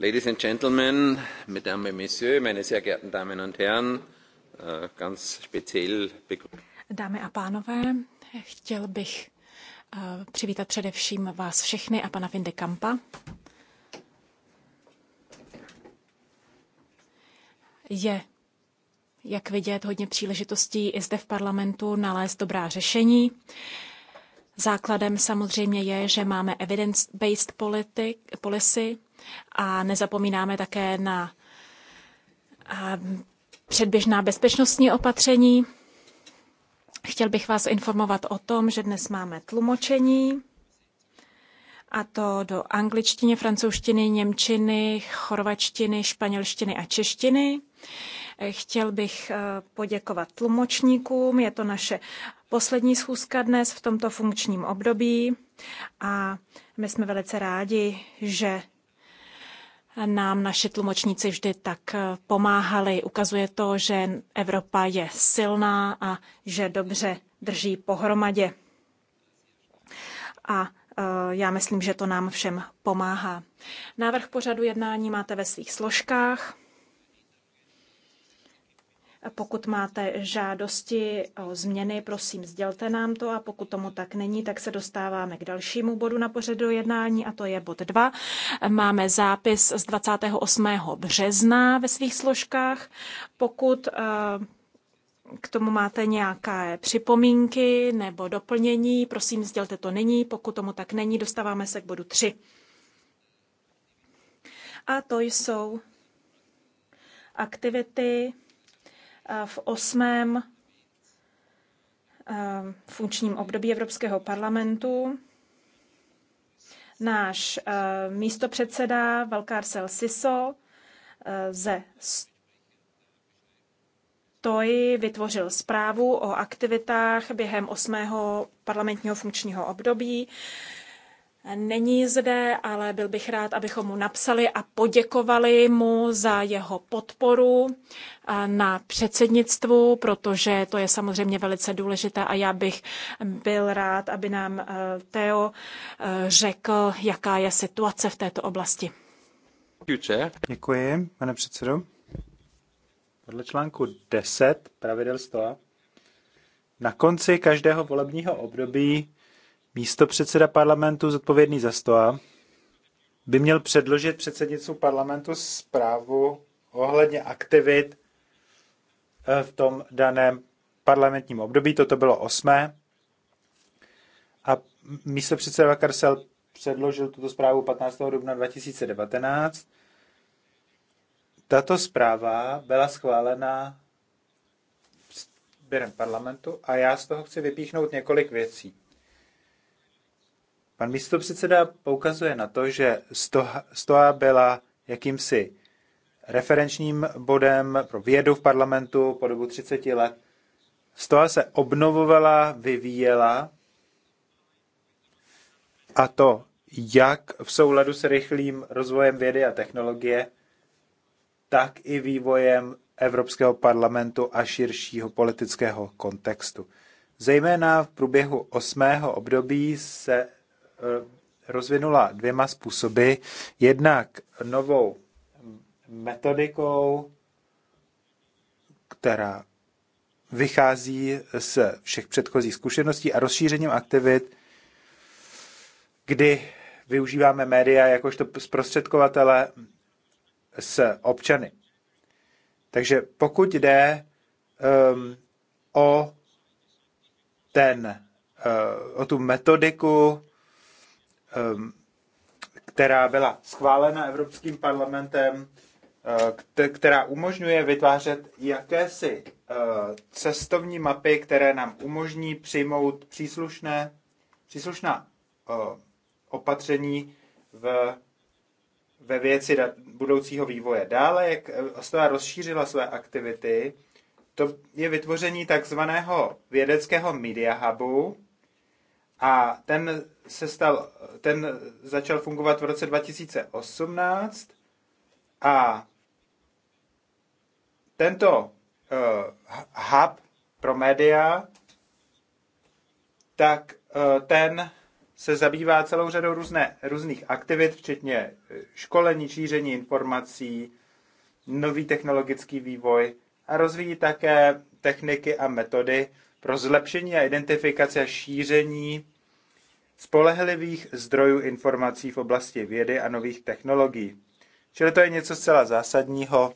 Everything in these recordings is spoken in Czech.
Ladies and Gentlemen, Mesdames et Messieurs, meine sehr geehrten Damen und Herren, äh, ganz speziell Dámy a pánové, chtěl bych äh, přivítat především vás všechny a pana Vinde Kampa. Je, jak vidět, hodně příležitostí i zde v parlamentu nalézt dobrá řešení. Základem samozřejmě je, že máme evidence-based policy, a nezapomínáme také na předběžná bezpečnostní opatření. Chtěl bych vás informovat o tom, že dnes máme tlumočení, a to do angličtiny, francouzštiny, němčiny, chorvačtiny, španělštiny a češtiny. Chtěl bych e, poděkovat tlumočníkům. Je to naše poslední schůzka dnes v tomto funkčním období a my jsme velice rádi, že nám naši tlumočníci vždy tak eh, pomáhali. Ukazuje to, že Evropa je silná a že dobře drží pohromadě. A eh, já myslím, že to nám všem pomáhá. Návrh pořadu jednání máte ve svých složkách. Pokud máte žádosti o změny, prosím, sdělte nám to a pokud tomu tak není, tak se dostáváme k dalšímu bodu na pořadu jednání a to je bod 2. Máme zápis z 28. března ve svých složkách. Pokud eh, k tomu máte nějaké připomínky nebo doplnění, prosím, sdělte to nyní. Pokud tomu tak není, dostáváme se k bodu 3. A to jsou aktivity v osmém ehm, funkčním období Evropského parlamentu. Náš ehm, místopředseda Valkarsel Siso ehm, ze Stoji vytvořil zprávu o aktivitách během osmého parlamentního funkčního období. Není zde, ale byl bych rád, abychom mu napsali a poděkovali mu za jeho podporu na předsednictvu, protože to je samozřejmě velice důležité a já bych byl rád, aby nám e, Teo e, řekl, jaká je situace v této oblasti. Děkuji, pane předsedo. Podle článku 10 pravidel 100 na konci každého volebního období Místo předseda Parlamentu zodpovědný za STOA by měl předložit předsednicu parlamentu zprávu ohledně aktivit eh, v tom daném parlamentním období. Toto bylo osmé. A místo předseda Karsel předložil tuto zprávu 15. dubna 2019. Tato zpráva byla schválena během parlamentu a já z toho chci vypíchnout několik věcí. Pan místopředseda poukazuje na to, že Stoa byla jakýmsi referenčním bodem pro vědu v parlamentu po dobu 30 let. Stoa se obnovovala, vyvíjela a to jak v souladu s rychlým rozvojem vědy a technologie, tak i vývojem Evropského parlamentu a širšího politického kontextu. Zejména v průběhu osmého období se Eh, rozvinula dvěma způsoby. Jednak novou metodikou, která vychází z všech předchozích zkušeností a rozšířením aktivit, kdy využíváme média jakožto zprostředkovatele s občany. Takže pokud jde um, o ten, uh, o tu metodiku, Ehm, která byla schválena Evropským parlamentem, eh, která umožňuje vytvářet jakési eh, cestovní mapy, které nám umožní přijmout příslušné, příslušná eh, opatření v, ve věci budoucího vývoje. Dále, jak Ostrava rozšířila své aktivity, to je vytvoření takzvaného vědeckého media hubu, a ten se stal, ten začal fungovat v roce 2018 a tento uh, hub pro média, tak uh, ten se zabývá celou řadou různé, různých aktivit, včetně eh, školení, šíření informací, nový technologický vývoj a rozvíjí také techniky a metody, pro zlepšení a identifikace a šíření spolehlivých zdrojů informací v oblasti vědy a nových technologií. Čili to je něco zcela zásadního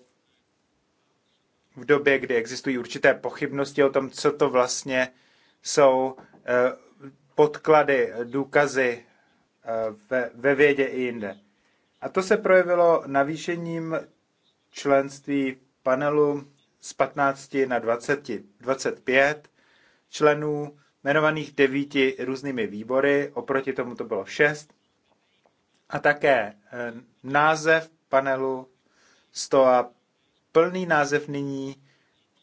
v době, kdy existují určité pochybnosti o tom, co to vlastně jsou eh, podklady, důkazy eh, ve, ve vědě i jinde. A to se projevilo navýšením členství panelu z 15 na 20, 25 členů, jmenovaných devíti různými výbory, oproti tomu to bylo šest. A také eh, název panelu STOA, plný název nyní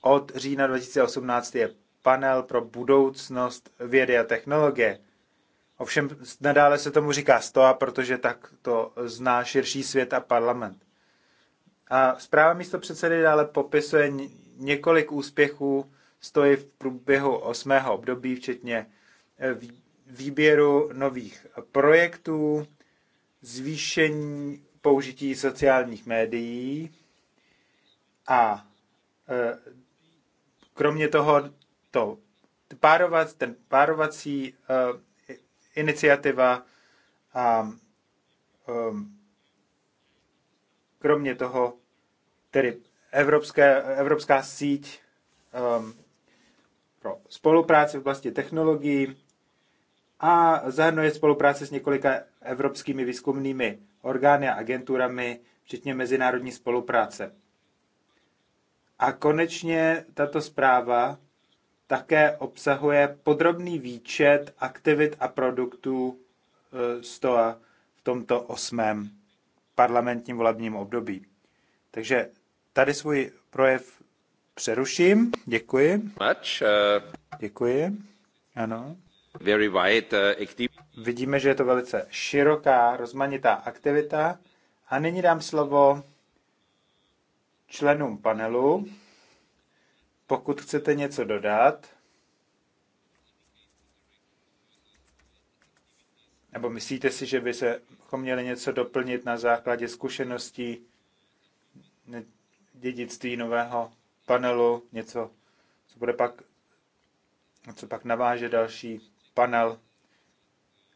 od října 2018 je panel pro budoucnost vědy a technologie. Ovšem nadále se tomu říká STOA, protože tak to zná širší svět a parlament. A zpráva místo předsedy dále popisuje několik úspěchů stojí v průběhu osmého období, včetně eh, výběru nových projektů, zvýšení použití sociálních médií a eh, kromě toho to párovat, ten párovací eh, iniciativa a kromě toho tedy evropské, evropská síť um, pro spolupráci v oblasti technologií a zahrnuje spolupráci s několika evropskými výzkumnými orgány a agenturami, včetně mezinárodní spolupráce. A konečně tato zpráva také obsahuje podrobný výčet aktivit a produktů STOA e, v tomto osmém parlamentním volebním období. Takže tady svůj projev přeruším. Děkuji. Much, uh, Děkuji. Ano. Very wide, uh, Vidíme, že je to velice široká, rozmanitá aktivita. A nyní dám slovo členům panelu. Pokud chcete něco dodat, nebo myslíte si, že by se měli něco doplnit na základě zkušeností dědictví nového panelu, něco, co bude pak, co pak naváže další panel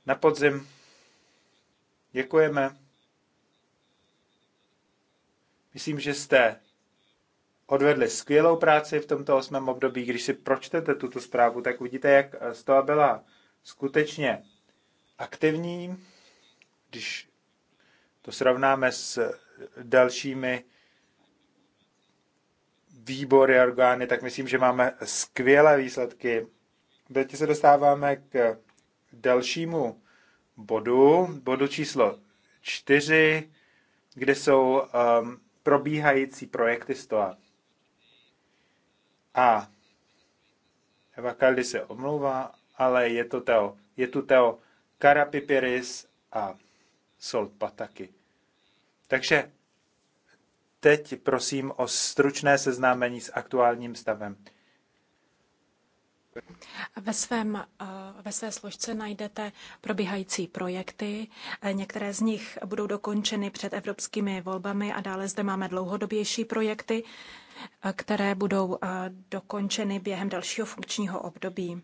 na podzim. Děkujeme. Myslím, že jste odvedli skvělou práci v tomto osmém období. Když si pročtete tuto zprávu, tak uvidíte, jak toho byla skutečně aktivní. Když to srovnáme s dalšími výbory a orgány, tak myslím, že máme skvělé výsledky. Teď se dostáváme k dalšímu bodu, bodu číslo čtyři, kde jsou um, probíhající projekty STOA. A Eva Kaldi se omlouvá, ale je to Teo. Je tu Teo Karapipiris a Solt Pataky. Takže Teď prosím o stručné seznámení s aktuálním stavem. Ve, svém, eh, ve své složce najdete probíhající projekty. Eh, některé z nich budou dokončeny před evropskými volbami a dále zde máme dlouhodobější projekty, eh, které budou dokončeny během dalšího funkčního období.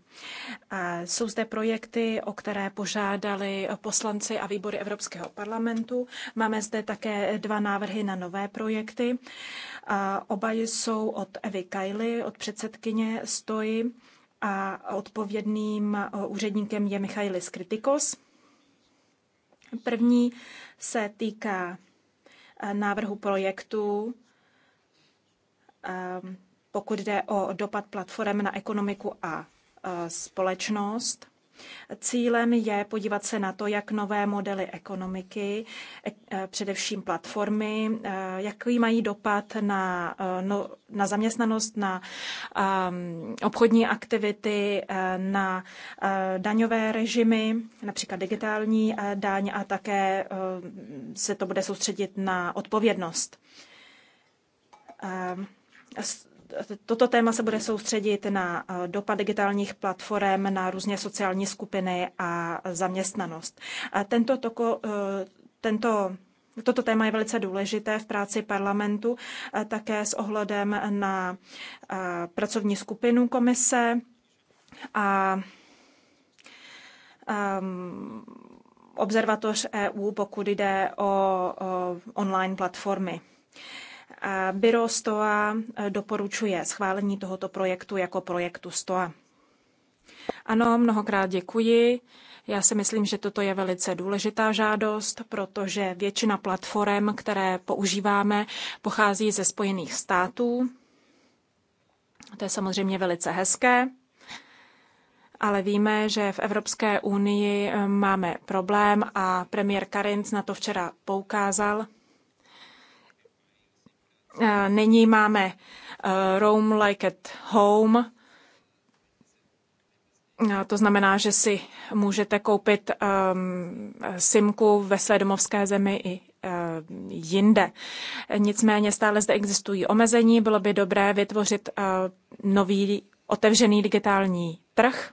Jsou zde projekty, o které požádali poslanci a výbory Evropského parlamentu. Máme zde také dva návrhy na nové projekty. Oba jsou od Evy Kajly, od předsedkyně Stoji a odpovědným eh, úředníkem je Michailis Kritikos. První se týká eh, návrhu projektu, eh, pokud jde o dopad platform na ekonomiku a společnost. Cílem je podívat se na to, jak nové modely ekonomiky, e, e, především platformy, e, jaký mají dopad na, no, na zaměstnanost, na obchodní aktivity, na daňové režimy, například digitální daň a také se to bude soustředit na odpovědnost toto téma se bude soustředit na eh, dopad digitálních platform na různé sociální skupiny a zaměstnanost. Tento, toko, eh, tento Toto téma je velice důležité v práci parlamentu, eh, také s ohledem na pracovní skupinu komise a ehm, observatoř EU, pokud jde o online platformy. Byro STOA eh, doporučuje schválení tohoto projektu jako projektu STOA. Ano, mnohokrát děkuji. Já si myslím, že toto je velice důležitá žádost, protože většina platform, které používáme, pochází ze Spojených států. To je samozřejmě velice hezké, ale víme, že v Evropské unii eh, máme problém a premiér Karinc na to včera poukázal. Nyní máme eh, Roam Like at Home, to znamená, že si můžete koupit um, simku ve své domovské zemi i uh, jinde. Nicméně stále zde existují omezení. Bylo by dobré vytvořit uh, nový otevřený digitální trh.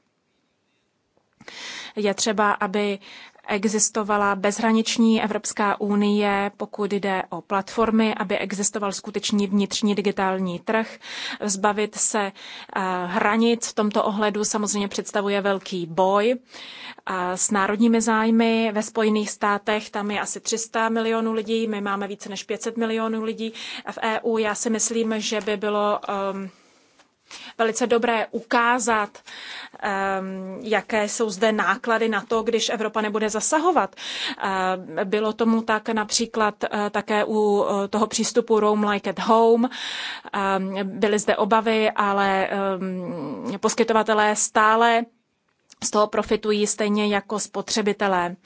Je třeba, aby existovala bezhraniční Evropská unie, pokud jde o platformy, aby existoval skutečný vnitřní digitální trh. Zbavit se eh, hranic v tomto ohledu samozřejmě představuje velký boj s národními zájmy. Ve Spojených státech tam je asi 300 milionů lidí, my máme více než 500 milionů lidí v EU. Já si myslím, že by bylo um, velice dobré ukázat, ehm, jaké jsou zde náklady na to, když Evropa nebude zasahovat. Ehm, bylo tomu tak například eh, také u eh, toho přístupu Roam Like at Home. Ehm, byly zde obavy, ale poskytovatelé stále z toho profitují stejně jako spotřebitelé.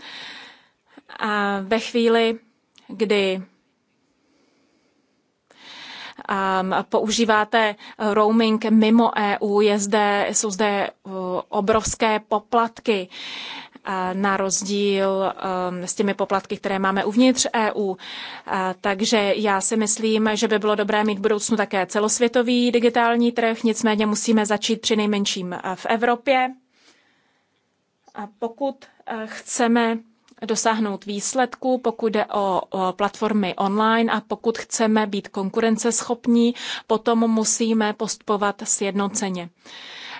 A ve chvíli, kdy Ehm, používáte eh, roaming mimo EU, je zde, jsou zde eh, obrovské poplatky eh, na rozdíl ehm, s těmi poplatky, které máme uvnitř EU. Takže já si myslím, že by bylo dobré mít v budoucnu také celosvětový digitální trh, nicméně musíme začít při nejmenším v Evropě. A pokud chceme dosáhnout výsledků, pokud jde o, platformy online a pokud chceme být konkurenceschopní, potom musíme postupovat sjednoceně.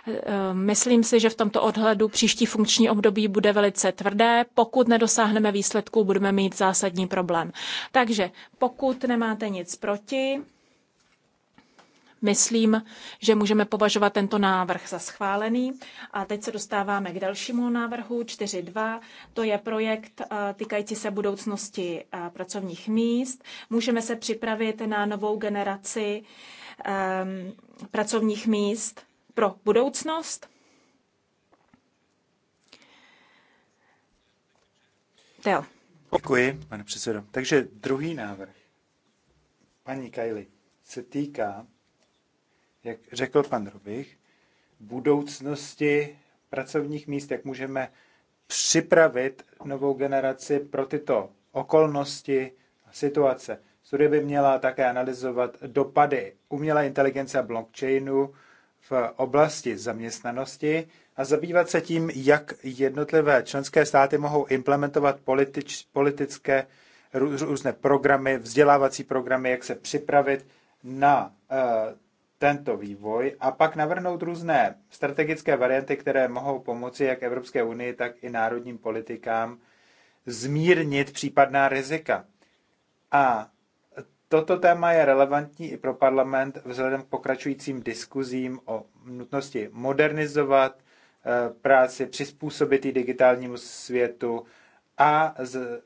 Eh, myslím si, že v tomto odhledu příští funkční období bude velice tvrdé. Pokud nedosáhneme výsledků, budeme mít zásadní problém. Takže pokud nemáte nic proti, myslím, že můžeme považovat tento návrh za schválený. A teď se dostáváme k dalšímu návrhu 4.2. To je projekt eh, týkající se budoucnosti eh, pracovních míst. Můžeme se připravit na novou generaci um, pracovních míst pro budoucnost. Teo. Děkuji, pane předsedo. Takže druhý návrh. paní Kajli, se týká jak řekl pan Rubich, budoucnosti pracovních míst, jak můžeme připravit novou generaci pro tyto okolnosti a situace. Studie by měla také analyzovat dopady umělé inteligence a blockchainu v oblasti zaměstnanosti a zabývat se tím, jak jednotlivé členské státy mohou implementovat politič, politické různé programy, vzdělávací programy, jak se připravit na uh, tento vývoj a pak navrhnout různé strategické varianty, které mohou pomoci jak Evropské unii, tak i národním politikám zmírnit případná rizika. A toto téma je relevantní i pro parlament vzhledem k pokračujícím diskuzím o nutnosti modernizovat eh, práci, přizpůsobit ji digitálnímu světu a z,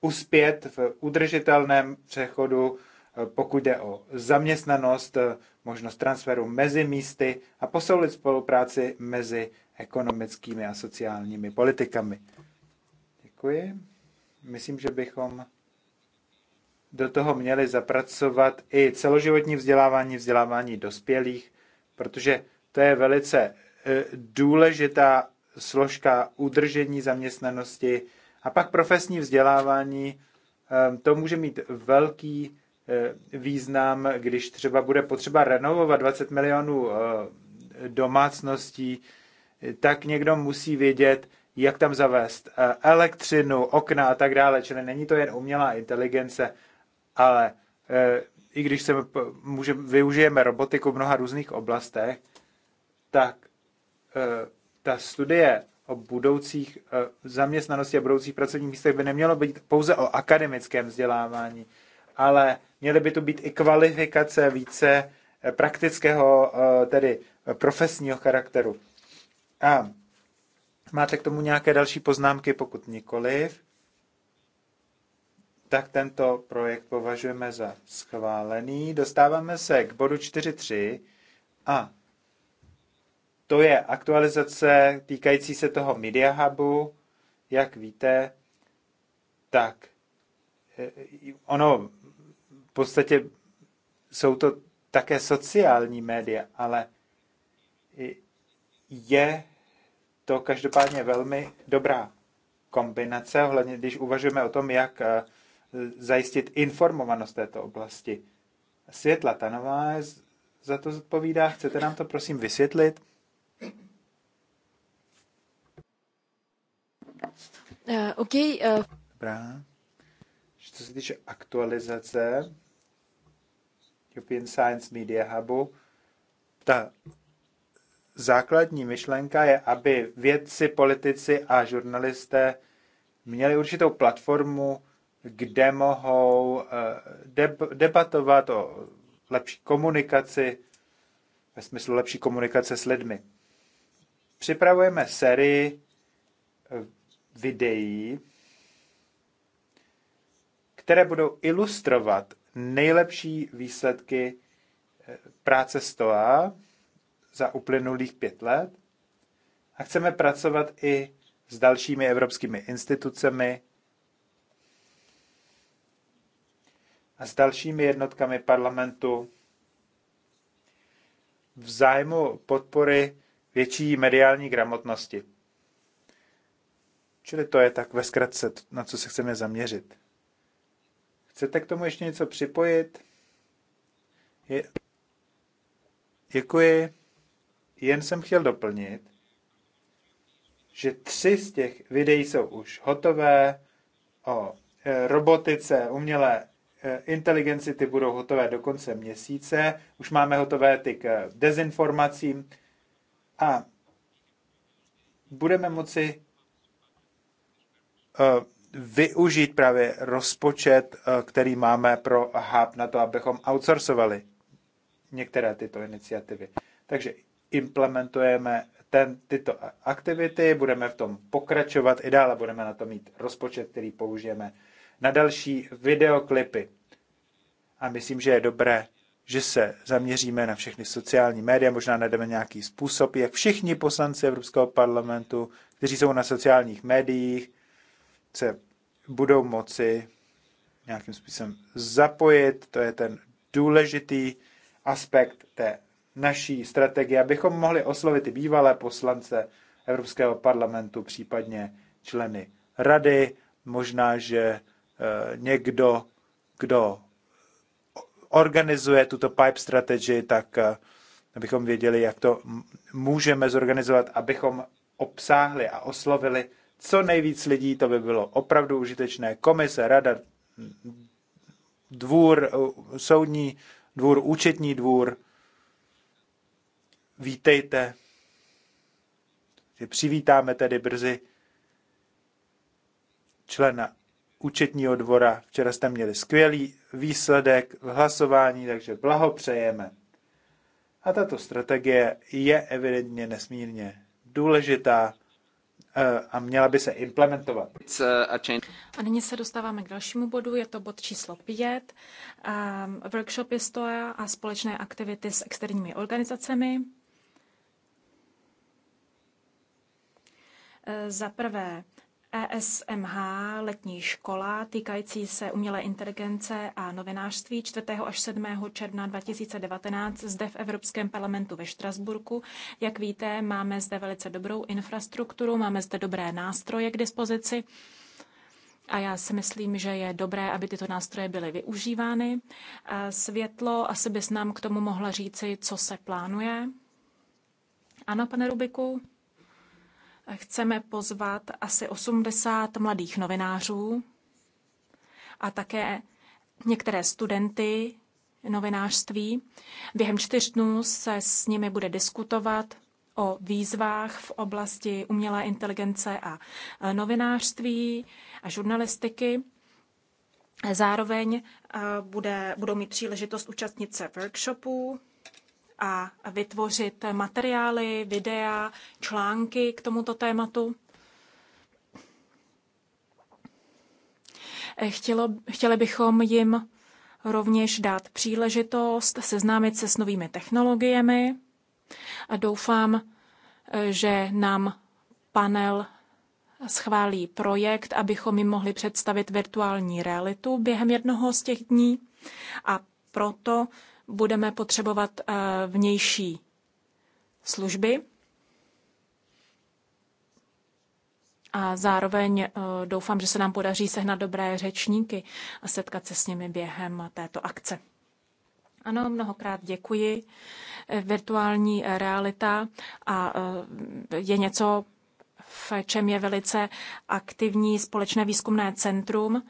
uspět v udržitelném přechodu pokud jde o zaměstnanost, možnost transferu mezi místy a posoulit spolupráci mezi ekonomickými a sociálními politikami. Děkuji. Myslím, že bychom do toho měli zapracovat i celoživotní vzdělávání, vzdělávání dospělých, protože to je velice e, důležitá složka udržení zaměstnanosti. A pak profesní vzdělávání, e, to může mít velký Eh, význam, když třeba bude potřeba renovovat 20 milionů eh, domácností, tak někdo musí vědět, jak tam zavést eh, elektřinu, okna a tak dále. Čili není to jen umělá inteligence, ale i když se může, využijeme robotiku v mnoha různých oblastech, tak ta studie o budoucích zaměstnanosti a budoucích pracovních místech by nemělo být pouze o akademickém vzdělávání, ale Měly by to být i kvalifikace více eh, praktického, eh, tedy eh, profesního charakteru. A máte k tomu nějaké další poznámky, pokud nikoliv, tak tento projekt považujeme za schválený. Dostáváme se k bodu 4.3 a to je aktualizace týkající se toho Media Hubu. Jak víte, tak ono podstatě jsou to také sociální média, ale je to každopádně velmi dobrá kombinace, hlavně když uvažujeme o tom, jak eh, zajistit informovanost této oblasti. Světla Tanová za to zodpovídá. Chcete nám to prosím vysvětlit? Uh, OK. Uh... Dobrá. Co se týče aktualizace European Science Media Hubu. Ta základní myšlenka je, aby vědci, politici a žurnalisté měli určitou platformu, kde mohou eh, debatovat o lepší komunikaci, ve smyslu lepší komunikace s lidmi. Připravujeme sérii eh, videí, které budou ilustrovat nejlepší výsledky eh, práce STOA za uplynulých pět let a chceme pracovat i s dalšími evropskými institucemi a s dalšími jednotkami parlamentu v zájmu podpory větší mediální gramotnosti. Čili to je tak ve zkratce, na co se chceme zaměřit. Chcete k tomu ještě něco připojit? Je... Děkuji. Jen jsem chtěl doplnit, že tři z těch videí jsou už hotové o e, robotice, umělé e, inteligenci, ty budou hotové do konce měsíce. Už máme hotové ty k dezinformacím a budeme moci e, využít právě rozpočet, eh, který máme pro HAB na to, abychom outsourcovali některé tyto iniciativy. Takže implementujeme ten, tyto aktivity, budeme v tom pokračovat i dále, budeme na to mít rozpočet, který použijeme na další videoklipy. A myslím, že je dobré, že se zaměříme na všechny sociální média, možná najdeme nějaký způsob, jak všichni poslanci Evropského parlamentu, kteří jsou na sociálních médiích, se budou moci nějakým způsobem zapojit. To je ten důležitý aspekt té naší strategie, abychom mohli oslovit i bývalé poslance Evropského parlamentu, případně členy rady. Možná, že eh, někdo, kdo organizuje tuto pipe strategy, tak eh, abychom věděli, jak to můžeme zorganizovat, abychom obsáhli a oslovili co nejvíc lidí, to by bylo opravdu užitečné. Komise, rada, dvůr, soudní dvůr, účetní dvůr, vítejte. Přivítáme tedy brzy člena účetního dvora. Včera jste měli skvělý výsledek v hlasování, takže blahopřejeme. A tato strategie je evidentně nesmírně důležitá Eh, a měla by se implementovat. Eh, a nyní se dostáváme k dalšímu bodu, je to bod číslo 5. Um, ehm, workshopy STOA a společné aktivity s externími organizacemi. Eh, za prvé ESMH letní škola týkající se umělé inteligence a novinářství 4. až 7. června 2019 zde v Evropském parlamentu ve Štrasburku. Jak víte, máme zde velice dobrou infrastrukturu, máme zde dobré nástroje k dispozici. A já si myslím, že je dobré, aby tyto nástroje byly využívány. E, světlo, asi bys nám k tomu mohla říci, co se plánuje. Ano, pane Rubiku? chceme pozvat asi 80 mladých novinářů a také některé studenty novinářství. Během čtyř dnů se s nimi bude diskutovat o výzvách v oblasti umělé inteligence a e, novinářství a žurnalistiky. Zároveň e, bude, budou mít příležitost účastnit se workshopů a vytvořit materiály, videa, články k tomuto tématu. Chtělo, chtěli bychom jim rovněž dát příležitost seznámit se s novými technologiemi a doufám, že nám panel schválí projekt, abychom jim mohli představit virtuální realitu během jednoho z těch dní a proto budeme potřebovat eh, vnější služby a zároveň eh, doufám, že se nám podaří sehnat dobré řečníky a setkat se s nimi během této akce. Ano, mnohokrát děkuji. Eh, virtuální realita a je něco, v čem je velice aktivní společné výzkumné centrum.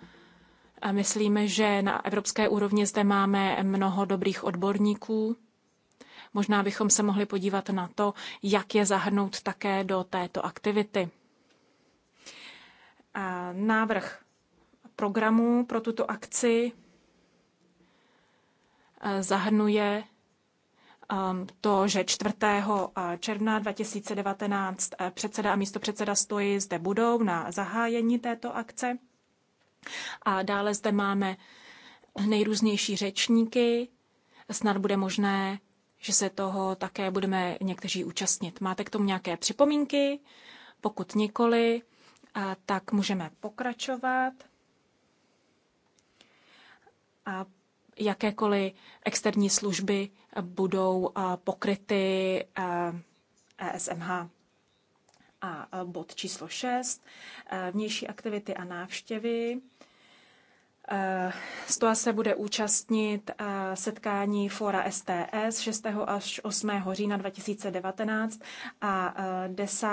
A myslíme, že na evropské úrovni zde máme mnoho dobrých odborníků. Možná bychom se mohli podívat na to, jak je zahrnout také do této aktivity. A návrh programu pro tuto akci eh, zahrnuje ehm, to, že 4. Eh, června 2019 eh, předseda a místopředseda stojí zde budou na zahájení této akce. A dále zde máme nejrůznější řečníky. Snad bude možné, že se toho také budeme někteří účastnit. Máte k tomu nějaké připomínky? Pokud nikoli, tak můžeme pokračovat. A jakékoliv externí služby budou pokryty e SMH a bod číslo 6, eh, vnější aktivity a návštěvy. STOA eh, se bude účastnit eh, setkání Fora STS 6. až 8. října 2019 a 10.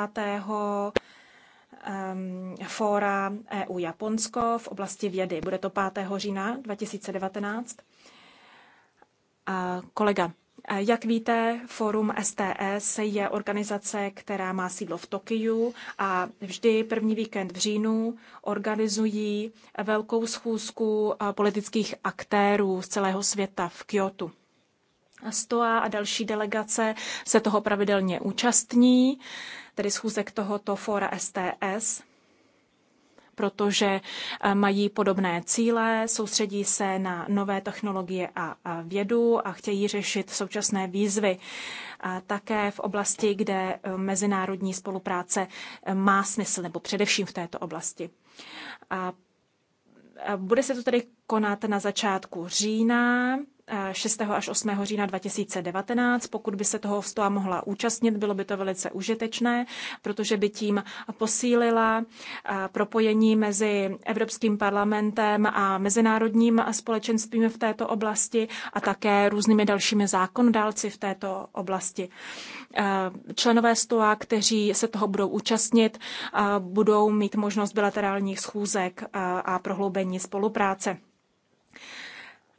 Ehm, Fóra EU-Japonsko v oblasti vědy. Bude to 5. října 2019. A kolega jak víte, Forum STS je organizace, která má sídlo v Tokiu a vždy první víkend v říjnu organizují velkou schůzku politických aktérů z celého světa v Kyotu. STOA a další delegace se toho pravidelně účastní, tedy schůzek tohoto fóra STS protože eh, mají podobné cíle, soustředí se na nové technologie a vědu a chtějí řešit současné výzvy. A také v oblasti, kde eh, mezinárodní spolupráce eh, má smysl, nebo především v této oblasti. A bude se to tedy konat na začátku října. 6. až 8. října 2019. Pokud by se toho stoa mohla účastnit, bylo by to velice užitečné, protože by tím posílila propojení mezi Evropským parlamentem a mezinárodním společenstvím v této oblasti a také různými dalšími zákondálci v této oblasti. Členové stoa, kteří se toho budou účastnit, budou mít možnost bilaterálních schůzek a prohloubení spolupráce.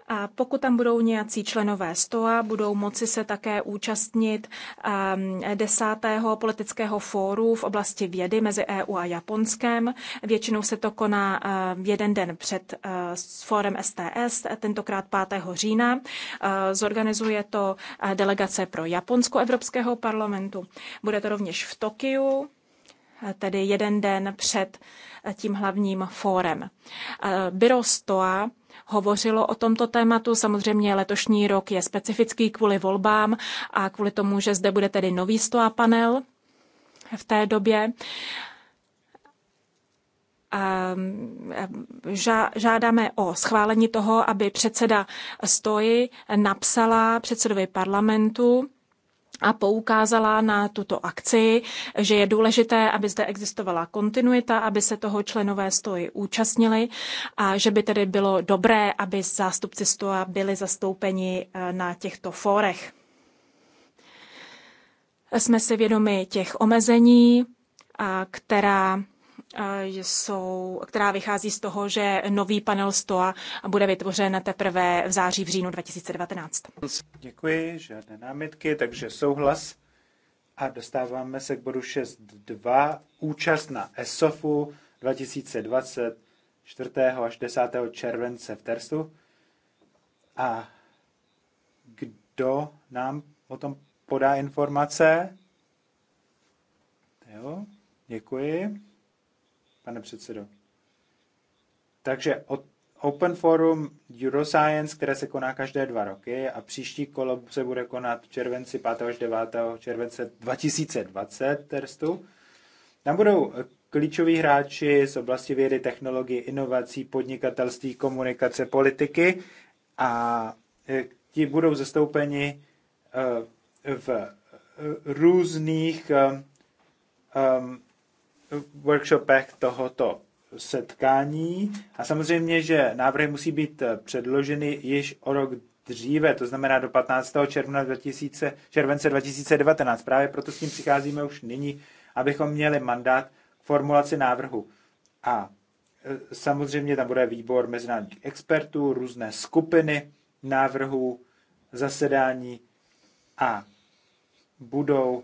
A pokud tam budou nějací členové STOA, budou moci se také účastnit ehm, desátého politického fóru v oblasti vědy mezi EU a Japonskem. Většinou se to koná ehm, jeden den před eh, fórem STS, tentokrát 5. října. Eh, zorganizuje to eh, delegace pro Japonsko Evropského parlamentu. Bude to rovněž v Tokiu, tedy jeden den před tím hlavním fórem. Byro STOA hovořilo o tomto tématu. Samozřejmě letošní rok je specifický kvůli volbám a kvůli tomu, že zde bude tedy nový stoa panel v té době. Ehm, ehm, žádáme o schválení toho, aby předseda stoji napsala předsedovi parlamentu a poukázala na tuto akci, že je důležité, aby zde existovala kontinuita, aby se toho členové stoji účastnili a že by tedy bylo dobré, aby zástupci stoa byli zastoupeni eh, na těchto fórech. Jsme si vědomi těch omezení, která Eh, jsou, která vychází z toho, že nový panel STOA bude vytvořen teprve v září, v říjnu 2019. Děkuji, žádné námitky, takže souhlas. A dostáváme se k bodu 6.2. Účast na ESOFu 2020 4. až 10. července v Terstu. A kdo nám o tom podá informace? Jo, děkuji pane předsedo. Takže Open Forum Euroscience, které se koná každé dva roky a příští kolo se bude konat v červenci 5. až 9. července 2020 Terstu. Tam budou eh, klíčoví hráči z oblasti vědy, technologie, inovací, podnikatelství, komunikace, politiky a eh, ti budou zastoupeni eh, v různých workshopech tohoto setkání. A samozřejmě, že návrhy musí být eh, předloženy již o rok dříve, to znamená do 15. června 2000, července 2019. Právě proto s tím přicházíme už nyní, abychom měli mandát k formulaci návrhu. A eh, samozřejmě tam bude výbor mezinárodních expertů, různé skupiny návrhů, zasedání a budou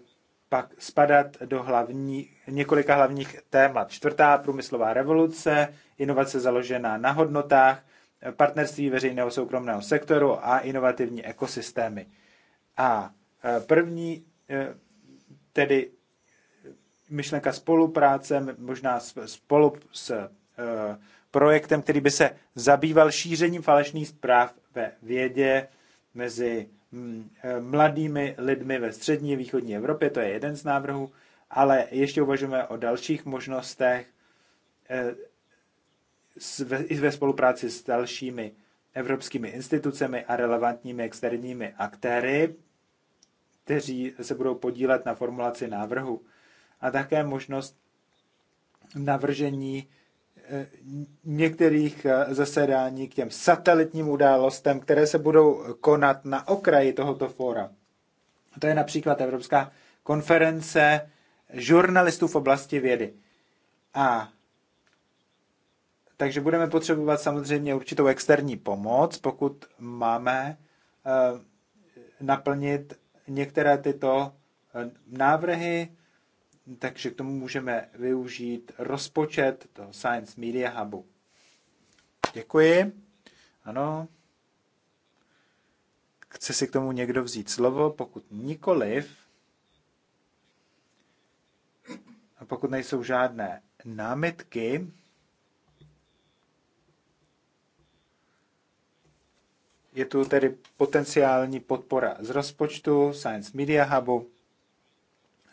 pak spadat do hlavní, několika hlavních témat. Čtvrtá průmyslová revoluce, inovace založená na hodnotách, partnerství veřejného soukromého sektoru a inovativní ekosystémy. A e, první, e, tedy e, myšlenka spolupráce, možná spolu s projektem, který by se zabýval šířením falešných zpráv ve vědě mezi Hmm, eh, mladými lidmi ve střední východní Evropě, to je jeden z návrhů, ale ještě uvažujeme o dalších možnostech eh, i ve spolupráci s dalšími evropskými institucemi a relevantními externími aktéry, kteří se budou podílet na formulaci návrhu. A také možnost navržení některých eh, zasedání k těm satelitním událostem, které se budou konat na okraji tohoto fóra. To je například Evropská konference žurnalistů v oblasti vědy. A takže budeme potřebovat samozřejmě určitou externí pomoc, pokud máme eh, naplnit některé tyto eh, návrhy, takže k tomu můžeme využít rozpočet toho Science Media Hubu. Děkuji. Ano. Chce si k tomu někdo vzít slovo? Pokud nikoliv, a pokud nejsou žádné námitky, je tu tedy potenciální podpora z rozpočtu Science Media Hubu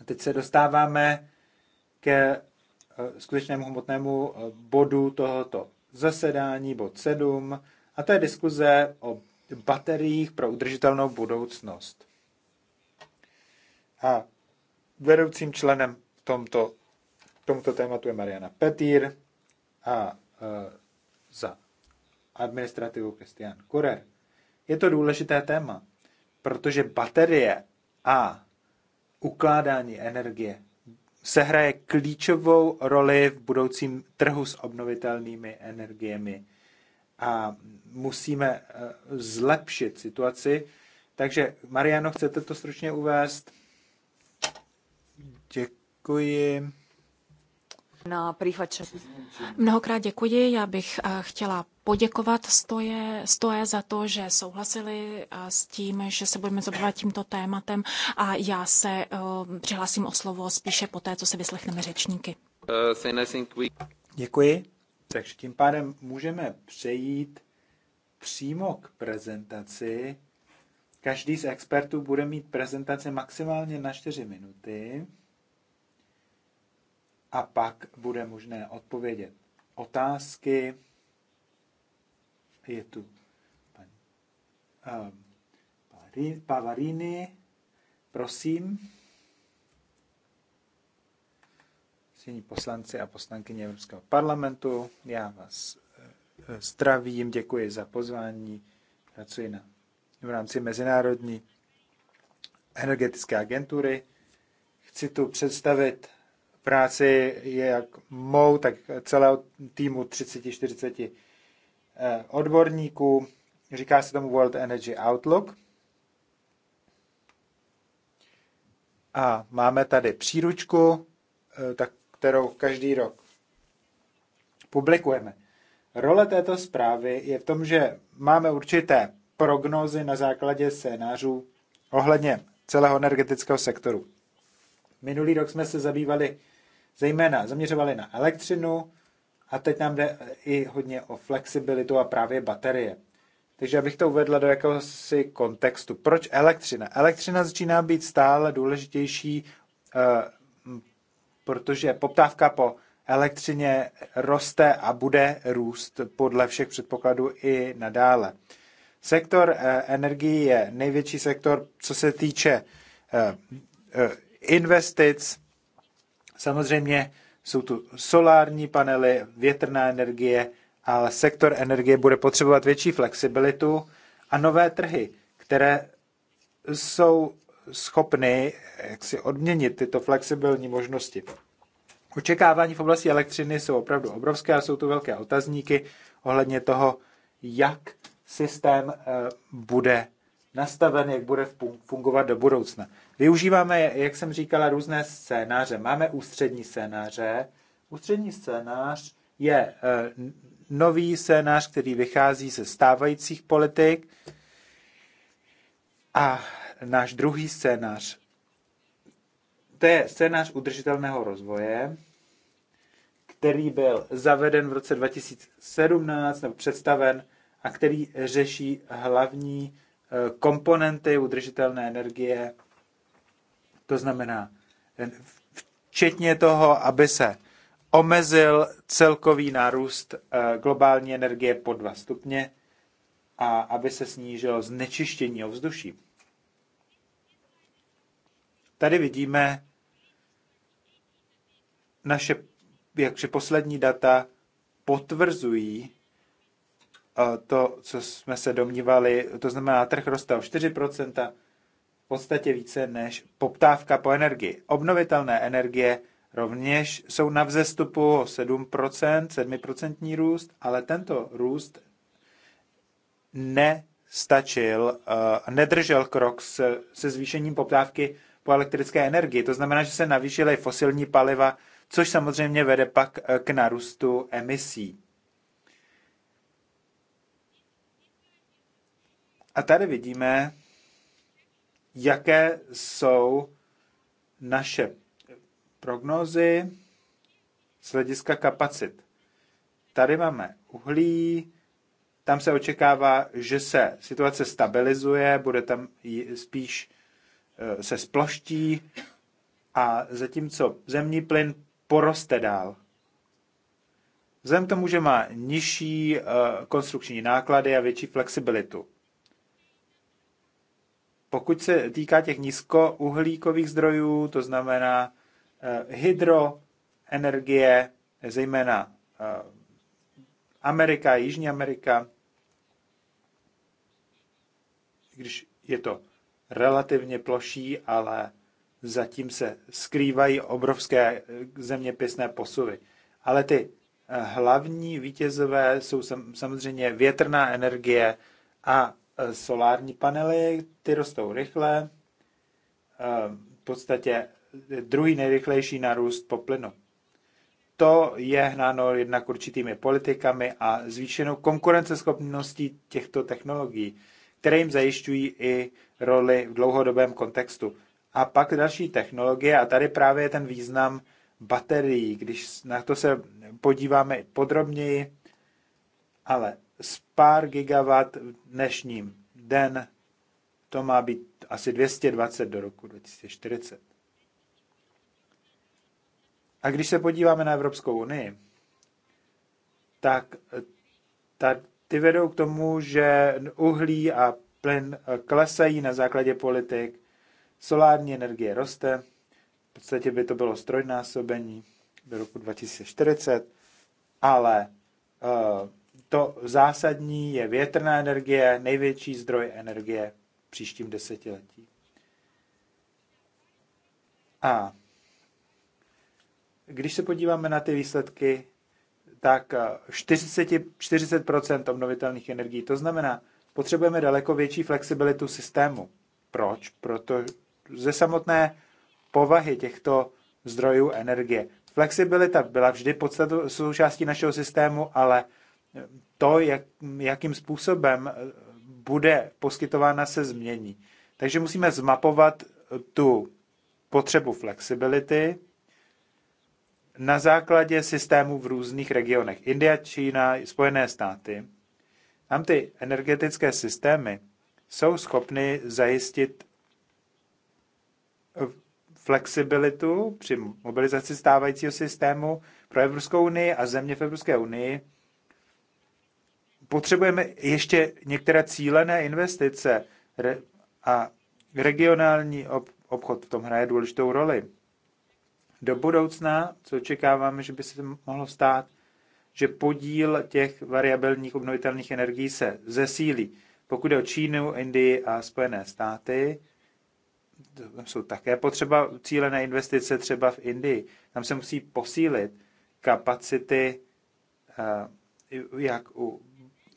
a teď se dostáváme ke eh, skutečnému hmotnému eh, bodu tohoto zasedání, bod 7, a to je diskuze o bateriích pro udržitelnou budoucnost. A vedoucím členem tomto, tomto tématu je Mariana Petýr a e, za administrativu Christian Kurer. Je to důležité téma, protože baterie a ukládání energie sehraje klíčovou roli v budoucím trhu s obnovitelnými energiemi a musíme eh, zlepšit situaci. Takže, Mariano, chcete to stručně uvést? Děkuji. Na Mnohokrát děkuji. Já bych eh, chtěla poděkovat stoje, stoje za to, že souhlasili eh, s tím, že se budeme zabývat tímto tématem a já se eh, přihlásím o slovo spíše po té, co se vyslechneme řečníky. Děkuji. Takže tím pádem můžeme přejít přímo k prezentaci. Každý z expertů bude mít prezentaci maximálně na 4 minuty a pak bude možné odpovědět otázky. Je tu paní um, ehm, Pavarini, prosím. Cení poslanci a poslankyně Evropského parlamentu, já vás eh, zdravím, děkuji za pozvání. Pracuji na, v rámci Mezinárodní energetické agentury. Chci tu představit práci je jak mou, tak celého týmu 30-40 eh, odborníků. Říká se tomu World Energy Outlook. A máme tady příručku, eh, tak, kterou každý rok publikujeme. Role této zprávy je v tom, že máme určité prognózy na základě scénářů ohledně celého energetického sektoru. Minulý rok jsme se zabývali zejména zaměřovali na elektřinu a teď nám jde i hodně o flexibilitu a právě baterie. Takže abych to uvedla do jakéhosi kontextu. Proč elektřina? Elektřina začíná být stále důležitější, eh, protože poptávka po elektřině roste a bude růst podle všech předpokladů i nadále. Sektor eh, energie je největší sektor, co se týče eh, investic Samozřejmě jsou tu solární panely, větrná energie, ale sektor energie bude potřebovat větší flexibilitu a nové trhy, které jsou schopny jak si odměnit tyto flexibilní možnosti. Očekávání v oblasti elektřiny jsou opravdu obrovské a jsou tu velké otazníky ohledně toho, jak systém eh, bude nastaven, jak bude fungovat do budoucna. Využíváme, jak jsem říkala, různé scénáře. Máme ústřední scénáře. Ústřední scénář je eh, nový scénář, který vychází ze stávajících politik. A náš druhý scénář, to je scénář udržitelného rozvoje, který byl zaveden v roce 2017 nebo představen a který řeší hlavní komponenty udržitelné energie, to znamená včetně toho, aby se omezil celkový nárůst eh, globální energie po dva stupně a aby se snížilo znečištění ovzduší. Tady vidíme naše, jak poslední data potvrzují to, co jsme se domnívali, to znamená, trh roste o 4%, v podstatě více než poptávka po energii. Obnovitelné energie rovněž jsou na vzestupu o 7%, 7% růst, ale tento růst nestačil, eh, nedržel krok se, se zvýšením poptávky po elektrické energii. To znamená, že se navýšily fosilní paliva, což samozřejmě vede pak eh, k narůstu emisí. A tady vidíme, jaké jsou naše prognózy z hlediska kapacit. Tady máme uhlí, tam se očekává, že se situace stabilizuje, bude tam spíš eh, se sploští a zatímco zemní plyn poroste dál. Vzhledem k tomu, že má nižší eh, konstrukční náklady a větší flexibilitu. Pokud se týká těch nízkouhlíkových zdrojů, to znamená eh, hydroenergie, zejména eh, Amerika, Jižní Amerika, když je to relativně ploší, ale zatím se skrývají obrovské eh, zeměpisné posuvy. Ale ty hlavní vítězové jsou samozřejmě větrná energie a solární panely, ty rostou rychle, eh, v podstatě druhý nejrychlejší narůst po plynu. To je hnáno jednak určitými politikami a zvýšenou konkurenceschopností těchto technologií, které jim zajišťují i roli v dlouhodobém kontextu. A pak další technologie, a tady právě je ten význam baterií, když na to se podíváme podrobněji, ale z pár gigawatt v dnešním den to má být asi 220 do roku 2040. A když se podíváme na Evropskou unii, tak ta, ty vedou k tomu, že uhlí a plyn klesají na základě politik, solární energie roste, v podstatě by to bylo strojnásobení do roku 2040, ale uh, to zásadní je větrná energie, největší zdroj energie v příštím desetiletí. A když se podíváme na ty výsledky, tak 40, eh, 40% obnovitelných energií. To znamená, potřebujeme daleko větší flexibilitu systému. Proč? Proto ze samotné povahy těchto zdrojů energie. Flexibilita byla vždy podstatou součástí našeho systému, ale to, jak, jakým způsobem eh, bude poskytována, se změní. Takže musíme zmapovat eh, tu potřebu flexibility na základě systémů v různých regionech. India, Čína, Spojené státy. Tam ty energetické systémy jsou schopny zajistit eh, flexibilitu při mobilizaci stávajícího systému pro Evropskou unii a země v Evropské unii potřebujeme ještě některé cílené investice a regionální obchod v tom hraje důležitou roli. Do budoucna, co očekáváme, že by se mohlo stát, že podíl těch variabilních obnovitelných energií se zesílí. Pokud je o Čínu, Indii a Spojené státy, tam jsou také potřeba cílené investice třeba v Indii. Tam se musí posílit kapacity eh, jak u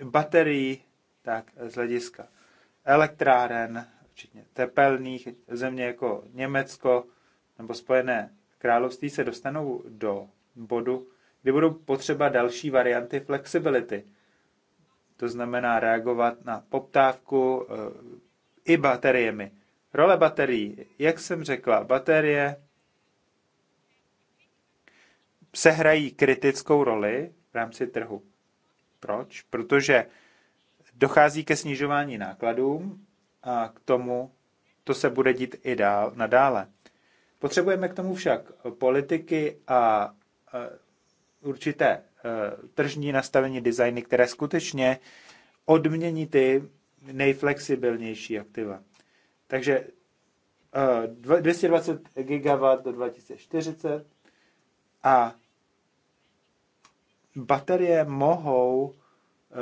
baterií, tak z hlediska elektráren, včetně tepelných, země jako Německo nebo Spojené království se dostanou do bodu, kdy budou potřeba další varianty flexibility. To znamená reagovat na poptávku eh, i bateriemi. Role baterií, jak jsem řekla, baterie sehrají kritickou roli v rámci trhu. Proč? Protože dochází ke snižování nákladům a k tomu to se bude dít i dál, nadále. Potřebujeme k tomu však politiky a e, určité e, tržní nastavení designy, které skutečně odmění ty nejflexibilnější aktiva. Takže 220 e, GW do 2040 a baterie mohou eh,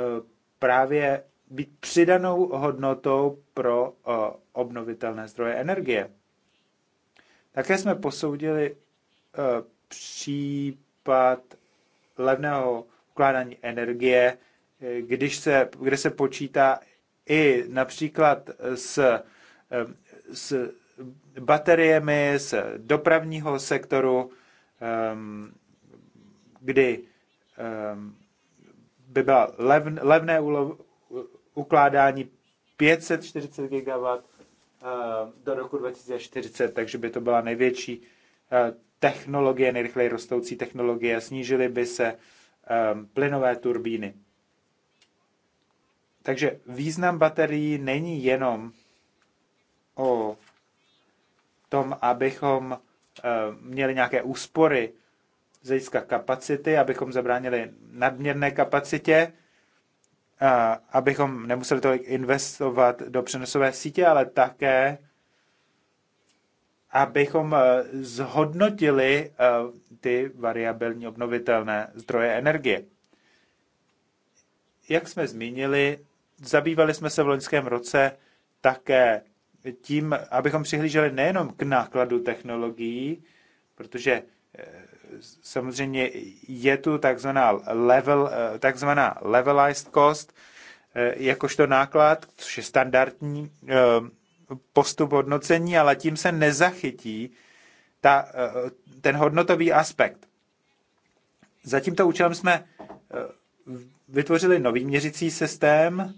právě být přidanou hodnotou pro eh, obnovitelné zdroje energie. Také jsme posoudili eh, případ levného ukládání energie, když se, kde se počítá i například s, s bateriemi z dopravního sektoru, kdy Ehm, by byla lev, levné ukládání 540 GW ehm, do roku 2040, takže by to byla největší eh, technologie, nejrychleji rostoucí technologie, snížily by se ehm, plynové turbíny. Takže význam baterií není jenom o tom, abychom měli nějaké úspory z hlediska kapacity, abychom zabránili nadměrné kapacitě, a abychom nemuseli tolik investovat do přenosové sítě, ale také abychom e, zhodnotili e, ty variabilní obnovitelné zdroje energie. Jak jsme zmínili, zabývali jsme se v loňském roce také tím, abychom přihlíželi nejenom k nákladu technologií, protože samozřejmě je tu takzvaná, level, eh, takzvaná levelized cost, eh, jakožto náklad, což je standardní eh, postup hodnocení, ale tím se nezachytí ta, ten hodnotový aspekt. Za tímto účelem jsme vytvořili nový měřicí systém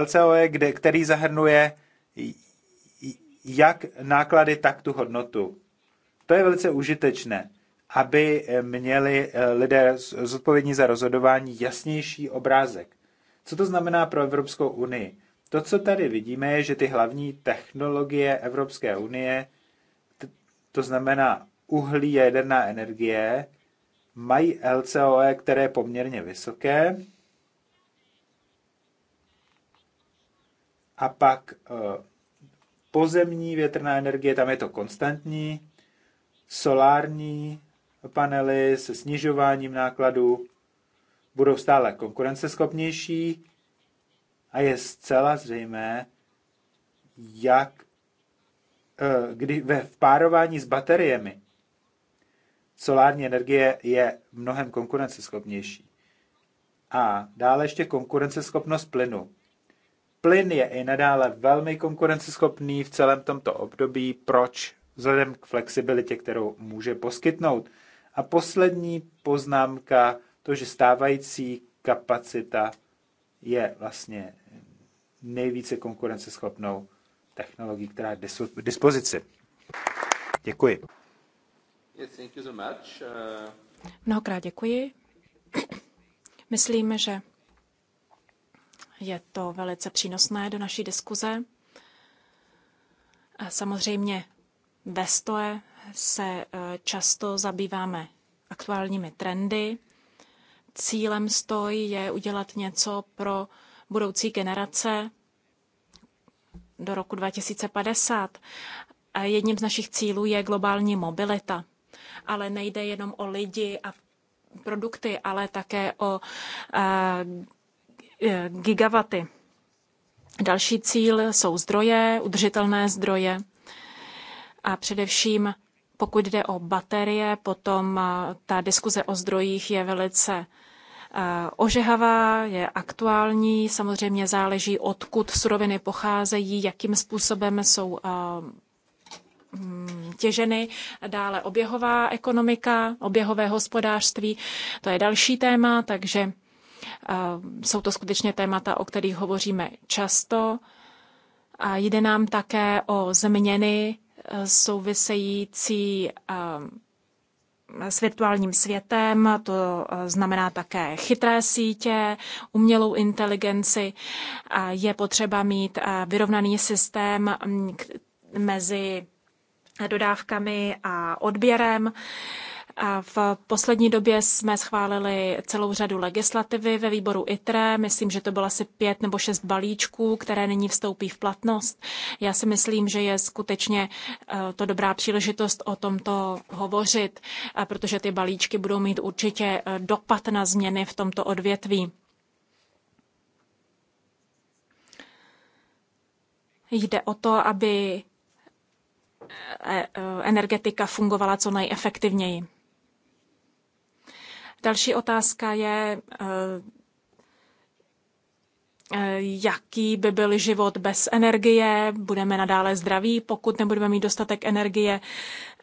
LCOE, kde, který zahrnuje jak náklady, tak tu hodnotu. To je velice užitečné, aby eh, měli eh, lidé zodpovědní za rozhodování jasnější obrázek. Co to znamená pro Evropskou unii? To, co tady vidíme, je, že ty hlavní technologie Evropské unie, to znamená uhlí a jaderná energie, mají LCOE, které je poměrně vysoké. A pak eh, pozemní větrná energie, tam je to konstantní solární panely se snižováním nákladů budou stále konkurenceschopnější a je zcela zřejmé, jak eh, kdy ve vpárování s bateriemi solární energie je mnohem konkurenceschopnější. A dále ještě konkurenceschopnost plynu. Plyn je i nadále velmi konkurenceschopný v celém tomto období. Proč? vzhledem k flexibilitě, kterou může poskytnout. A poslední poznámka, to, že stávající kapacita je vlastně nejvíce konkurenceschopnou technologií, která je k dispozici. Děkuji. Yes, thank you so much. Uh... Mnohokrát děkuji. Myslím, že je to velice přínosné do naší diskuze. samozřejmě ve STOE se eh, často zabýváme aktuálními trendy. Cílem stoj je udělat něco pro budoucí generace do roku 2050. Jedním z našich cílů je globální mobilita, ale nejde jenom o lidi a produkty, ale také o eh, eh, gigawaty. Další cíl jsou zdroje, udržitelné zdroje a především pokud jde o baterie, potom eh, ta diskuze o zdrojích je velice eh, ožehavá, je aktuální, samozřejmě záleží, odkud suroviny pocházejí, jakým způsobem jsou eh, mm, těženy, dále oběhová ekonomika, oběhové hospodářství, to je další téma, takže jsou to skutečně témata, o kterých hovoříme často. A jde nám také o změny související eh, s virtuálním světem, to eh, znamená také chytré sítě, umělou inteligenci. Je potřeba mít eh, vyrovnaný systém mm, mezi dodávkami a odběrem. A v poslední době jsme schválili celou řadu legislativy ve výboru ITRE. Myslím, že to bylo asi pět nebo šest balíčků, které nyní vstoupí v platnost. Já si myslím, že je skutečně eh, to dobrá příležitost o tomto hovořit, eh, protože ty balíčky budou mít určitě eh, dopad na změny v tomto odvětví. Jde o to, aby energetika fungovala co nejefektivněji. Další otázka je, eh, eh, jaký by byl život bez energie, budeme nadále zdraví, pokud nebudeme mít dostatek energie,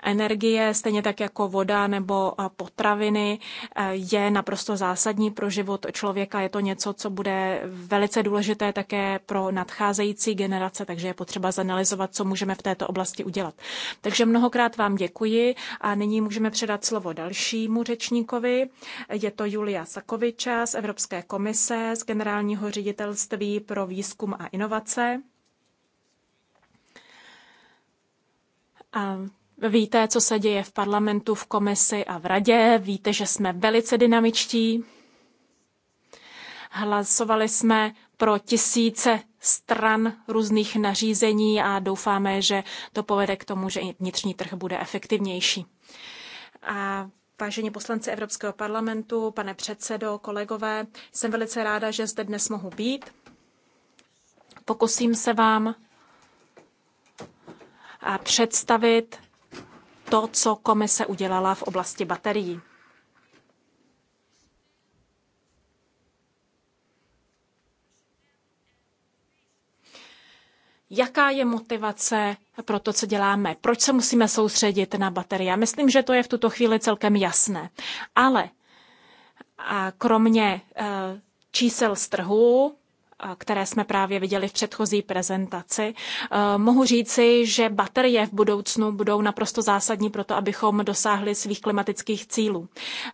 Energie, stejně tak jako voda nebo potraviny, e, je naprosto zásadní pro život člověka. Je to něco, co bude velice důležité také pro nadcházející generace, takže je potřeba zanalizovat, co můžeme v této oblasti udělat. Takže mnohokrát vám děkuji a nyní můžeme předat slovo dalšímu řečníkovi. Je to Julia Sakoviča z Evropské komise, z Generálního ředitelství pro výzkum a inovace. A Víte, co se děje v parlamentu, v komisi a v radě. Víte, že jsme velice dynamičtí. Hlasovali jsme pro tisíce stran různých nařízení a doufáme, že to povede k tomu, že vnitřní trh bude efektivnější. A vážení poslanci Evropského parlamentu, pane předsedo, kolegové, jsem velice ráda, že zde dnes mohu být. Pokusím se vám představit to, co komise udělala v oblasti baterií. Jaká je motivace pro to, co děláme? Proč se musíme soustředit na baterie? myslím, že to je v tuto chvíli celkem jasné. Ale a kromě eh, čísel z trhu, které jsme právě viděli v předchozí prezentaci. Eh, mohu říci, že baterie v budoucnu budou naprosto zásadní pro to, abychom dosáhli svých klimatických cílů.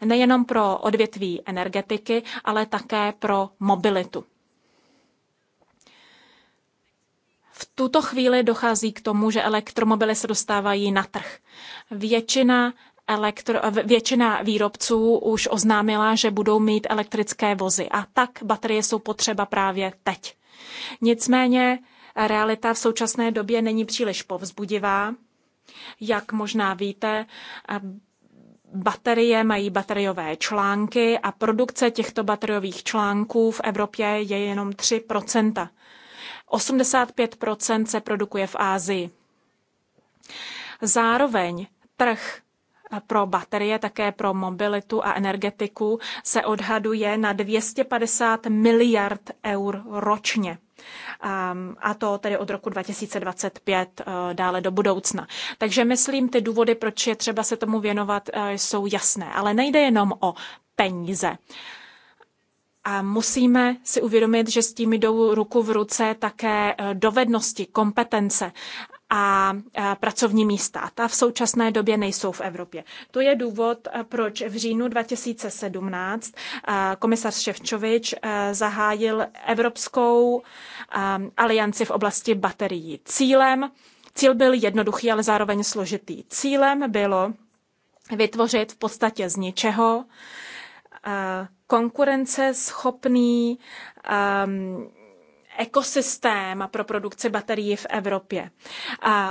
Nejenom pro odvětví energetiky, ale také pro mobilitu. V tuto chvíli dochází k tomu, že elektromobily se dostávají na trh. Většina elektro, většina výrobců už oznámila, že budou mít elektrické vozy a tak baterie jsou potřeba právě teď. Nicméně eh, realita v současné době není příliš povzbudivá. Jak možná víte, eh, baterie mají bateriové články a produkce těchto bateriových článků v Evropě je jenom 3 85 se produkuje v Ázii. Zároveň trh pro baterie, také pro mobilitu a energetiku se odhaduje na 250 miliard eur ročně. Ehm, a to tedy od roku 2025 eh, dále do budoucna. Takže myslím, ty důvody, proč je třeba se tomu věnovat, eh, jsou jasné. Ale nejde jenom o peníze. A musíme si uvědomit, že s tím jdou ruku v ruce také eh, dovednosti, kompetence a pracovní místa. Ta v současné době nejsou v Evropě. To je důvod, eh, proč v říjnu 2017 eh, komisař Ševčovič eh, zahájil Evropskou alianci v oblasti baterií. Cílem Cíl byl jednoduchý, ale zároveň složitý. Cílem bylo vytvořit v podstatě z ničeho konkurenceschopný ehm, ekosystém pro produkci baterií v Evropě.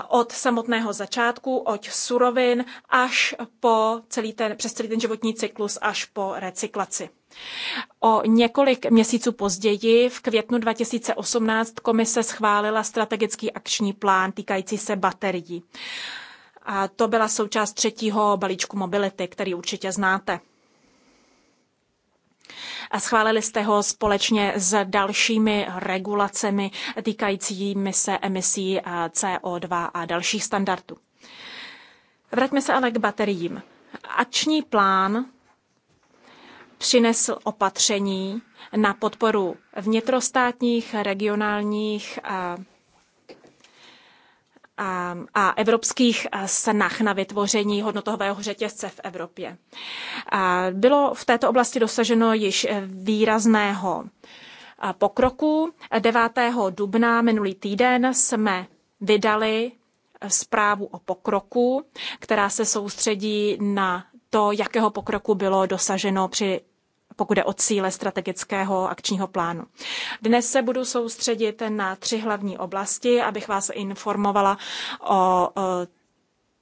Od samotného začátku, od surovin až po celý ten, přes celý ten životní cyklus až po recyklaci. O několik měsíců později, v květnu 2018, komise schválila strategický akční plán týkající se baterií. A to byla součást třetího balíčku mobility, který určitě znáte. A schválili jste ho společně s dalšími regulacemi týkajícími se emisí eh, CO2 a dalších standardů. Vraťme se ale k bateriím. Akční plán přinesl opatření na podporu vnitrostátních, regionálních a eh, a evropských snah na vytvoření hodnotového řetězce v Evropě. Bylo v této oblasti dosaženo již výrazného pokroku. 9. dubna minulý týden jsme vydali zprávu o pokroku, která se soustředí na to, jakého pokroku bylo dosaženo při pokud je o cíle strategického akčního plánu. Dnes se budu soustředit na tři hlavní oblasti, abych vás informovala o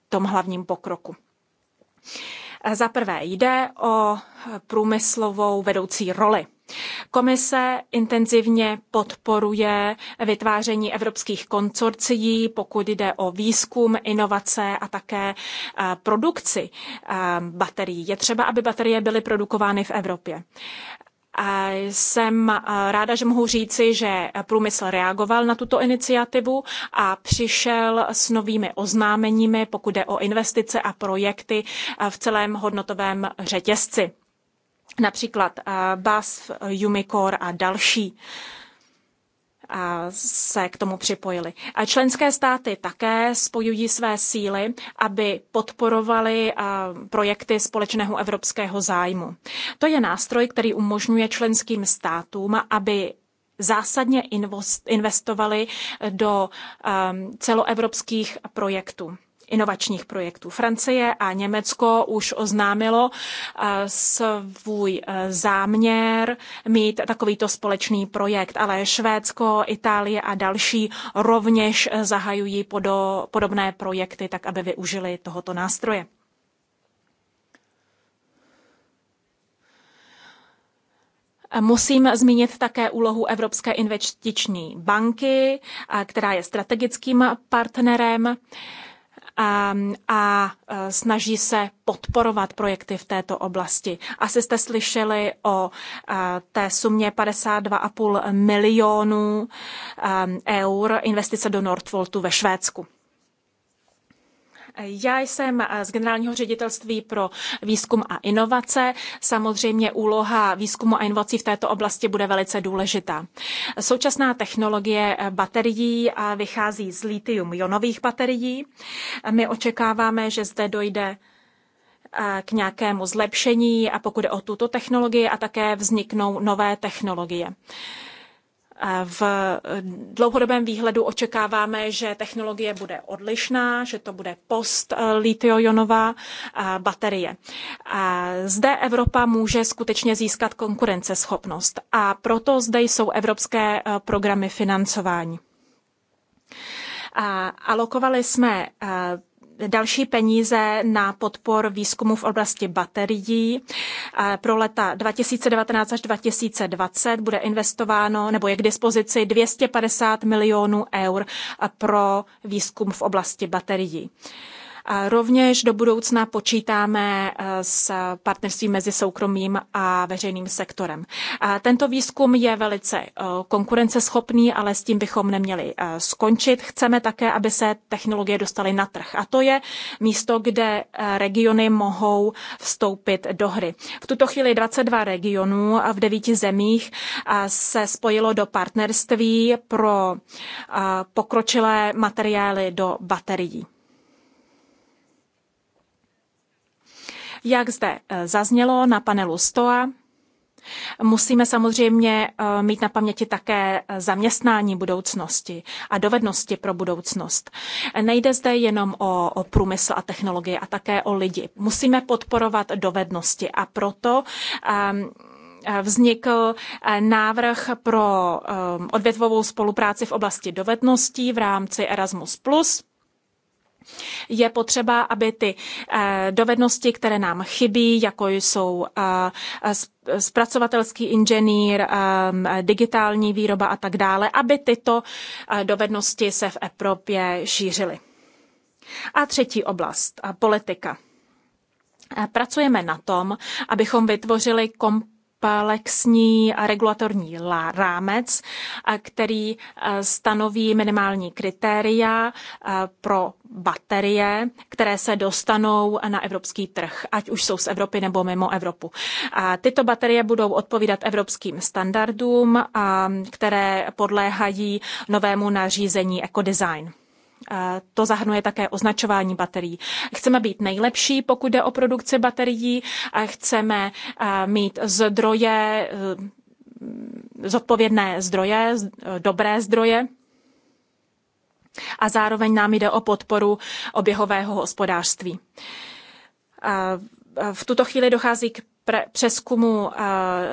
tom hlavním pokroku. Za prvé jde o průmyslovou vedoucí roli Komise intenzivně podporuje vytváření evropských koncorcií, pokud jde o výzkum, inovace a také eh, produkci eh, baterií. Je třeba, aby baterie byly produkovány v Evropě. A jsem eh, ráda, že mohu říci, že průmysl reagoval na tuto iniciativu a přišel s novými oznámeními, pokud jde o investice a projekty v celém hodnotovém řetězci. Například eh, BASF, Umicore a další eh, se k tomu připojili. A členské státy také spojují své síly, aby podporovali eh, projekty společného evropského zájmu. To je nástroj, který umožňuje členským státům, aby zásadně investovali do celoevropských projektů inovačních projektů. Francie a Německo už oznámilo eh, svůj eh, záměr mít takovýto společný projekt, ale Švédsko, Itálie a další rovněž eh, zahajují podo, podobné projekty, tak aby využili tohoto nástroje. Musím zmínit také úlohu Evropské investiční banky, která je strategickým partnerem. Ehm, a eh, snaží se podporovat projekty v této oblasti. Asi jste slyšeli o eh, té sumě 52,5 milionů ehm, eur investice do Nordvoltu ve Švédsku. Já jsem eh, z generálního ředitelství pro výzkum a inovace. Samozřejmě úloha výzkumu a inovací v této oblasti bude velice důležitá. Současná technologie eh, baterií eh, vychází z litium-ionových baterií. My očekáváme, že zde dojde k nějakému zlepšení a pokud je o tuto technologii a také vzniknou nové technologie. V eh, dlouhodobém výhledu očekáváme, že technologie bude odlišná, že to bude post eh, litiojonová eh, baterie. Zde Evropa může skutečně získat konkurenceschopnost a proto zde jsou evropské programy financování. Alokovali jsme další peníze na podpor výzkumu v oblasti baterií. Pro leta 2019 až 2020 bude investováno nebo je k dispozici 250 milionů eur pro výzkum v oblasti baterií. Rovněž do budoucna počítáme eh, s partnerstvím mezi soukromým a veřejným sektorem. Tento výzkum je velice eh, konkurenceschopný, ale s tím bychom neměli eh, skončit. Chceme také, aby se technologie dostaly na trh. A to je místo, kde regiony mohou vstoupit do hry. V tuto chvíli 22 regionů v devíti zemích se spojilo do partnerství pro pokročilé materiály do baterií. Jak zde eh, zaznělo na panelu STOA, Musíme samozřejmě eh, mít na paměti také eh, zaměstnání budoucnosti a dovednosti pro budoucnost. Nejde zde jenom o, o průmysl a technologie a také o lidi. Musíme podporovat dovednosti a proto um, vznikl návrh pro ehm, odvětvovou spolupráci v oblasti dovedností v rámci Erasmus je potřeba, aby ty eh, dovednosti, které nám chybí, jako jsou eh, zpracovatelský inženýr, eh, digitální výroba a tak dále, aby tyto dovednosti se v Evropě šířily. A třetí oblast, politika. Pracujeme na tom, abychom vytvořili komplexní komplexní regulatorní rámec, který e, stanoví minimální kritéria e, pro baterie, které se dostanou na evropský trh, ať už jsou z Evropy nebo mimo Evropu. A tyto baterie budou odpovídat evropským standardům, které podléhají novému nařízení ekodesign. To zahrnuje také označování baterií. Chceme být nejlepší, pokud jde o produkci baterií, chceme mít zdroje, e, zodpovědné zdroje, e, dobré zdroje. A zároveň nám jde o podporu oběhového hospodářství. V tuto chvíli dochází k přeskumu eh,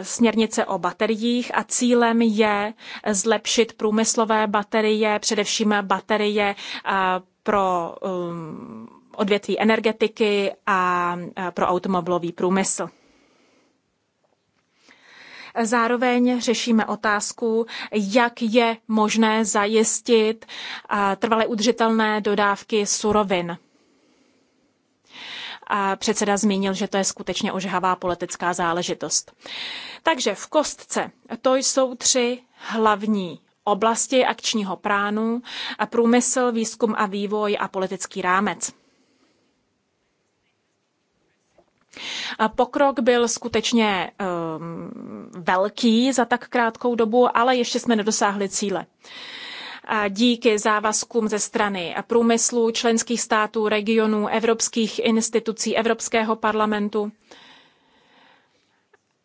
směrnice o bateriích a cílem je zlepšit průmyslové baterie, především baterie eh, pro eh, odvětví energetiky a pro automobilový průmysl. Zároveň řešíme otázku, jak je možné zajistit trvale udržitelné dodávky surovin a předseda zmínil, že to je skutečně ožhavá politická záležitost. Takže v kostce to jsou tři hlavní oblasti akčního pránu a průmysl, výzkum a vývoj a politický rámec. Pokrok byl skutečně um, velký za tak krátkou dobu, ale ještě jsme nedosáhli cíle. Uh, díky závazkům ze strany průmyslu, členských států, regionů, evropských institucí, Evropského parlamentu.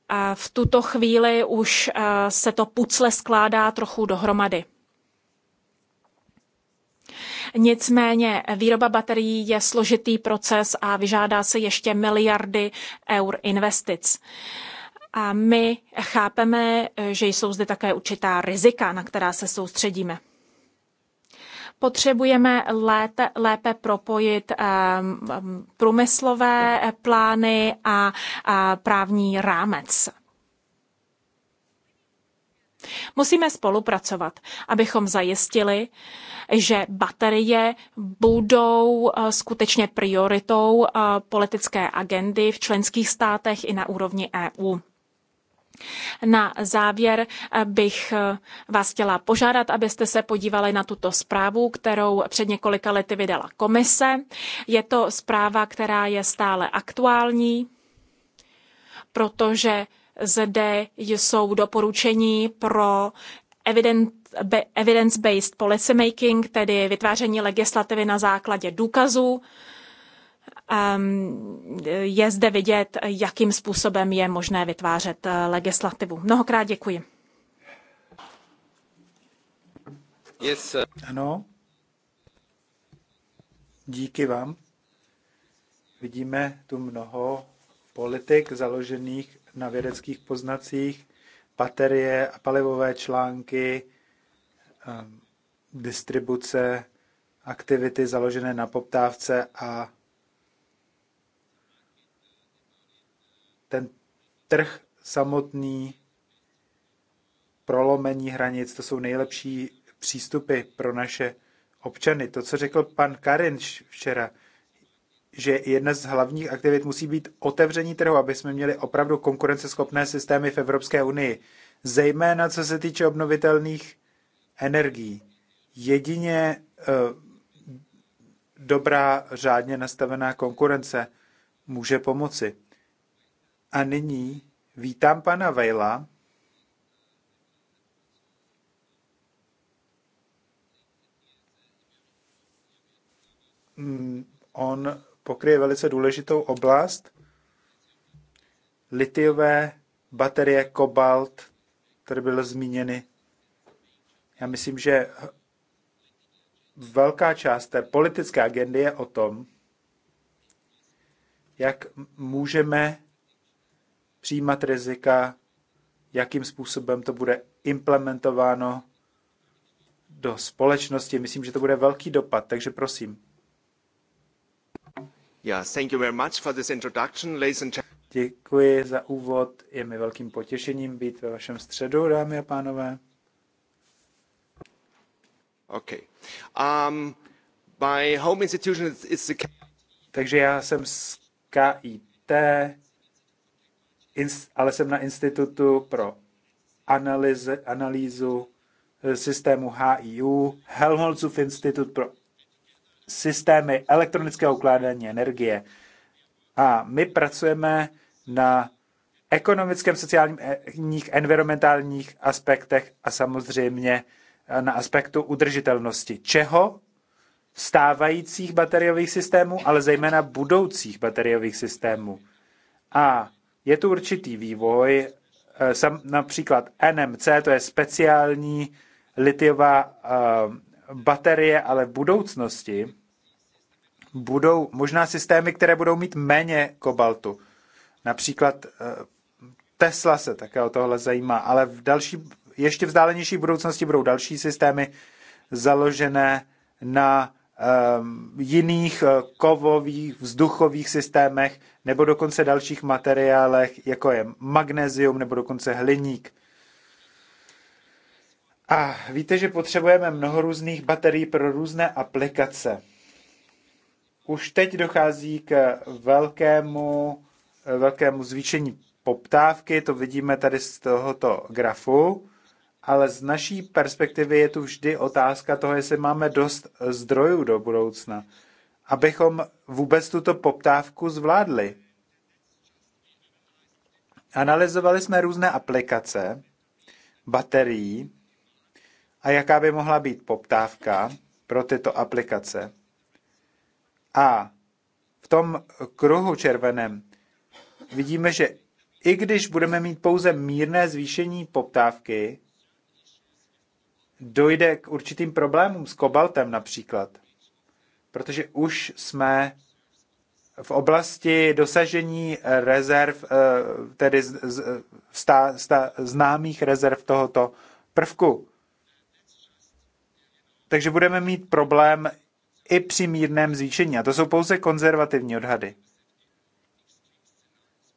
A v tuto chvíli už se to pucle skládá trochu dohromady. Nicméně výroba baterií je složitý proces a vyžádá se ještě miliardy eur investic. A my chápeme, že jsou zde také určitá rizika, na která se soustředíme. Potřebujeme lépe, lépe propojit um, průmyslové plány a, a právní rámec. Musíme spolupracovat, abychom zajistili, že baterie budou eh, skutečně prioritou eh, politické agendy v členských státech i na úrovni EU. Na závěr eh, bych eh, vás chtěla požádat, abyste se podívali na tuto zprávu, kterou před několika lety vydala komise. Je to zpráva, která je stále aktuální, protože zde jsou doporučení pro evidence-based policymaking, tedy vytváření legislativy na základě důkazů, Ehm, je zde vidět, jakým způsobem je možné vytvářet eh, legislativu. Mnohokrát děkuji. Yes. Ano. Díky vám. Vidíme tu mnoho politik založených na vědeckých poznacích, baterie a palivové články, ehm, distribuce, aktivity založené na poptávce a trh samotný, prolomení hranic, to jsou nejlepší přístupy pro naše občany. To, co řekl pan Karin včera, že jedna z hlavních aktivit musí být otevření trhu, aby jsme měli opravdu konkurenceschopné systémy v Evropské unii, zejména co se týče obnovitelných energií. Jedině eh, dobrá, řádně nastavená konkurence může pomoci. A nyní vítám pana Vejla. Mm, on pokryje velice důležitou oblast. Litiové baterie, kobalt, které byly zmíněny. Já myslím, že velká část té politické agendy je o tom, jak můžeme přijímat rizika, jakým způsobem to bude implementováno do společnosti. Myslím, že to bude velký dopad, takže prosím. Yeah, thank you very much for this introduction, ladies and Děkuji za úvod. Je mi velkým potěšením být ve vašem středu, dámy a pánové. Okay. Um, my home institution is the... Takže já jsem z KIT, ale jsem na Institutu pro analýze, analýzu eh, systému HIU, Helmholtzův institut pro systémy elektronického ukládání energie. A my pracujeme na ekonomickém, sociálních, environmentálních aspektech a samozřejmě eh, na aspektu udržitelnosti. Čeho? Stávajících bateriových systémů, ale zejména budoucích bateriových systémů. A je tu určitý vývoj, eh, Sam, například NMC, to je speciální litiová eh, baterie, ale v budoucnosti budou možná systémy, které budou mít méně kobaltu. Například eh, Tesla se také o tohle zajímá, ale v další, ještě vzdálenější budoucnosti budou další systémy založené na Ehm, jiných eh, kovových, vzduchových systémech nebo dokonce dalších materiálech, jako je magnézium nebo dokonce hliník. A víte, že potřebujeme mnoho různých baterií pro různé aplikace. Už teď dochází k velkému, velkému zvýšení poptávky, to vidíme tady z tohoto grafu ale z naší perspektivy je tu vždy otázka toho, jestli máme dost zdrojů do budoucna, abychom vůbec tuto poptávku zvládli. Analyzovali jsme různé aplikace, baterií a jaká by mohla být poptávka pro tyto aplikace. A v tom kruhu červeném vidíme, že i když budeme mít pouze mírné zvýšení poptávky, dojde k určitým problémům s kobaltem například, protože už jsme v oblasti dosažení rezerv, eh, tedy z, z, sta, sta, známých rezerv tohoto prvku. Takže budeme mít problém i při mírném zvýšení. A to jsou pouze konzervativní odhady.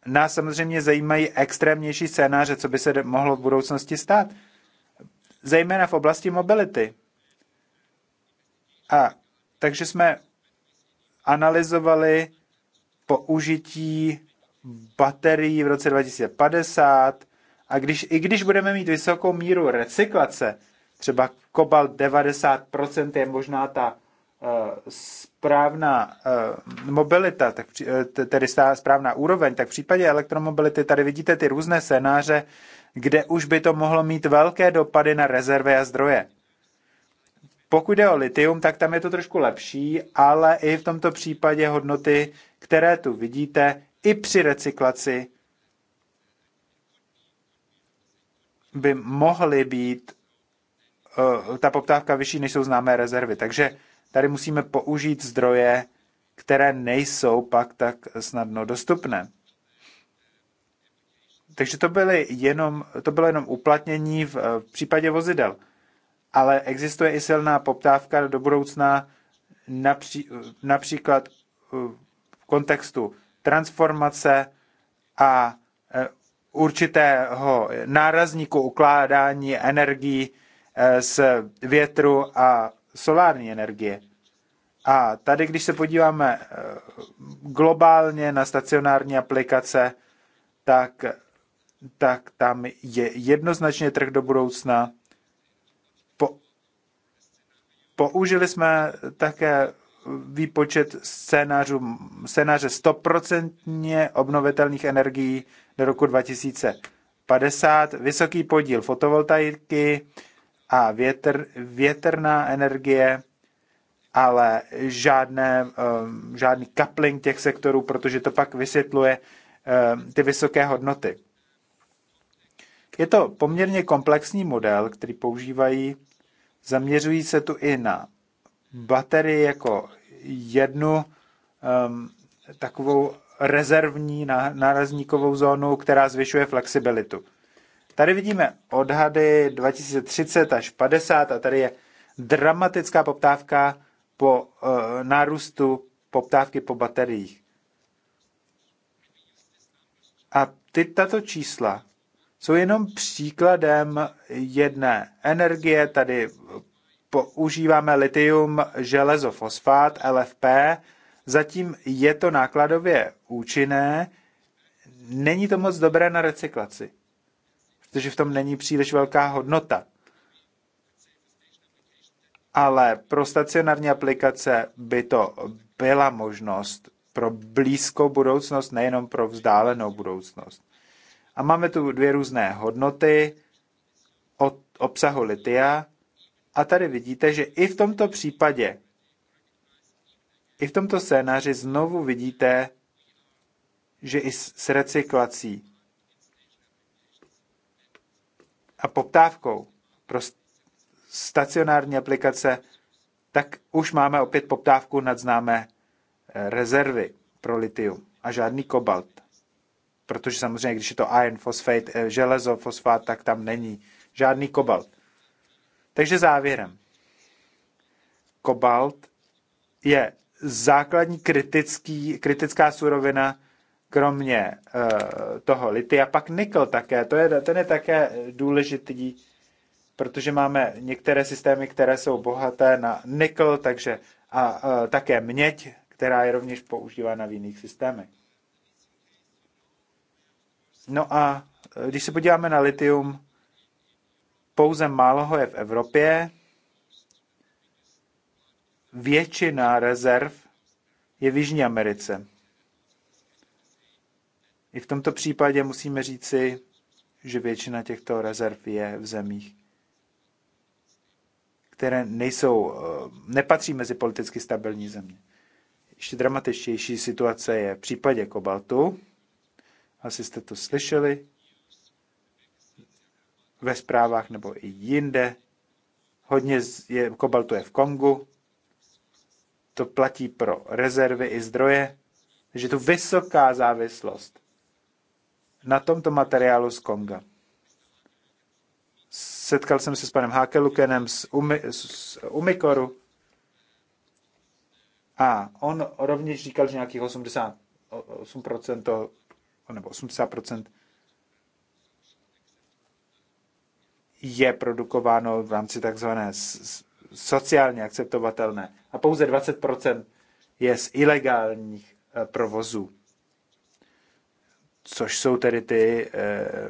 Nás samozřejmě zajímají extrémnější scénáře, co by se mohlo v budoucnosti stát zejména v oblasti mobility. A takže jsme analyzovali použití baterií v roce 2050 a když, i když budeme mít vysokou míru recyklace, třeba kobalt 90% je možná ta eh, správná eh, mobilita, tak, eh, tedy správná úroveň, tak v případě elektromobility tady vidíte ty různé scénáře, kde už by to mohlo mít velké dopady na rezervy a zdroje. Pokud jde o litium, tak tam je to trošku lepší, ale i v tomto případě hodnoty, které tu vidíte, i při recyklaci by mohly být uh, ta poptávka vyšší, než jsou známé rezervy. Takže tady musíme použít zdroje, které nejsou pak tak snadno dostupné takže to, byly jenom, to bylo jenom uplatnění v, eh, v případě vozidel. Ale existuje i silná poptávka do budoucna napří, například eh, v kontextu transformace a eh, určitého nárazníku ukládání energií z větru a solární energie. A tady, když se podíváme globálně na stacionární aplikace, tak tak tam je jednoznačně trh do budoucna. Po, použili jsme také výpočet scénářů, scénáře 100% obnovitelných energií do roku 2050, vysoký podíl fotovoltaiky a větr, větrná energie, ale žádné, ehm, žádný kapling těch sektorů, protože to pak vysvětluje ehm, ty vysoké hodnoty. Je to poměrně komplexní model, který používají. Zaměřují se tu i na baterii jako jednu um, takovou rezervní nárazníkovou zónu, která zvyšuje flexibilitu. Tady vidíme odhady 2030 až 50 a tady je dramatická poptávka po uh, nárůstu poptávky po bateriích. A ty, tato čísla jsou jenom příkladem jedné energie. Tady používáme litium, železo, fosfát, LFP. Zatím je to nákladově účinné, není to moc dobré na recyklaci, protože v tom není příliš velká hodnota. Ale pro stacionární aplikace by to byla možnost pro blízkou budoucnost, nejenom pro vzdálenou budoucnost. A máme tu dvě různé hodnoty od obsahu litia. A tady vidíte, že i v tomto případě, i v tomto scénáři znovu vidíte, že i s recyklací a poptávkou pro stacionární aplikace, tak už máme opět poptávku nad známé eh, rezervy pro litium a žádný kobalt protože samozřejmě, když je to iron fosfate, eh, železo fosfát, tak tam není žádný kobalt. Takže závěrem. Kobalt je základní kritický, kritická surovina, kromě uh, toho litia, pak nikl také, to je, ten je také důležitý, protože máme některé systémy, které jsou bohaté na nikl, takže a uh, také měď, která je rovněž používána v jiných systémech. No a eh, když se podíváme na litium, pouze málo ho je v Evropě. Většina rezerv je v Jižní Americe. I v tomto případě musíme říci, že většina těchto rezerv je v zemích, které nejsou, eh, nepatří mezi politicky stabilní země. Ještě dramatičtější situace je v případě kobaltu, asi jste to slyšeli ve zprávách nebo i jinde. Hodně je, kobaltu je v Kongu, to platí pro rezervy i zdroje, takže tu vysoká závislost na tomto materiálu z Konga. Setkal jsem se s panem Hakelukenem z, Umi, z Umikoru a on rovněž říkal, že nějakých 88% nebo 80% je produkováno v rámci takzvané sociálně akceptovatelné a pouze 20% je z ilegálních eh, provozů, což jsou tedy ty eh,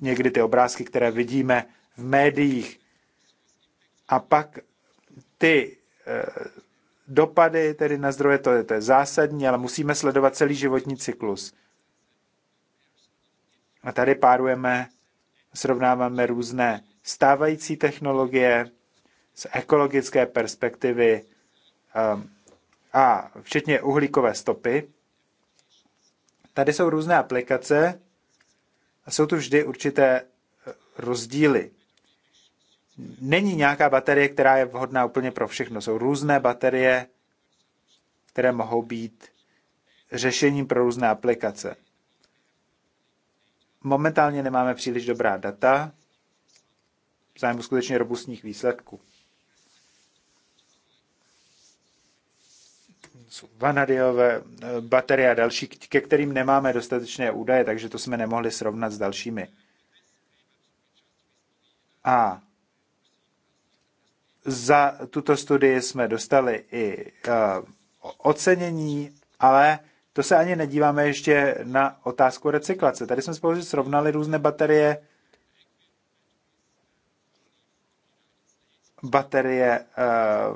někdy ty obrázky, které vidíme v médiích. A pak ty eh, dopady tedy na zdroje, to je, to je zásadní, ale musíme sledovat celý životní cyklus. A tady párujeme, srovnáváme různé stávající technologie z ekologické perspektivy ehm, a včetně uhlíkové stopy. Tady jsou různé aplikace a jsou tu vždy určité eh, rozdíly není nějaká baterie, která je vhodná úplně pro všechno. Jsou různé baterie, které mohou být řešením pro různé aplikace. Momentálně nemáme příliš dobrá data v zájmu skutečně robustních výsledků. Jsou vanadiové eh, baterie a další, ke kterým nemáme dostatečné údaje, takže to jsme nemohli srovnat s dalšími. A za tuto studii jsme dostali i uh, ocenění, ale to se ani nedíváme ještě na otázku recyklace. Tady jsme spolu srovnali různé baterie, baterie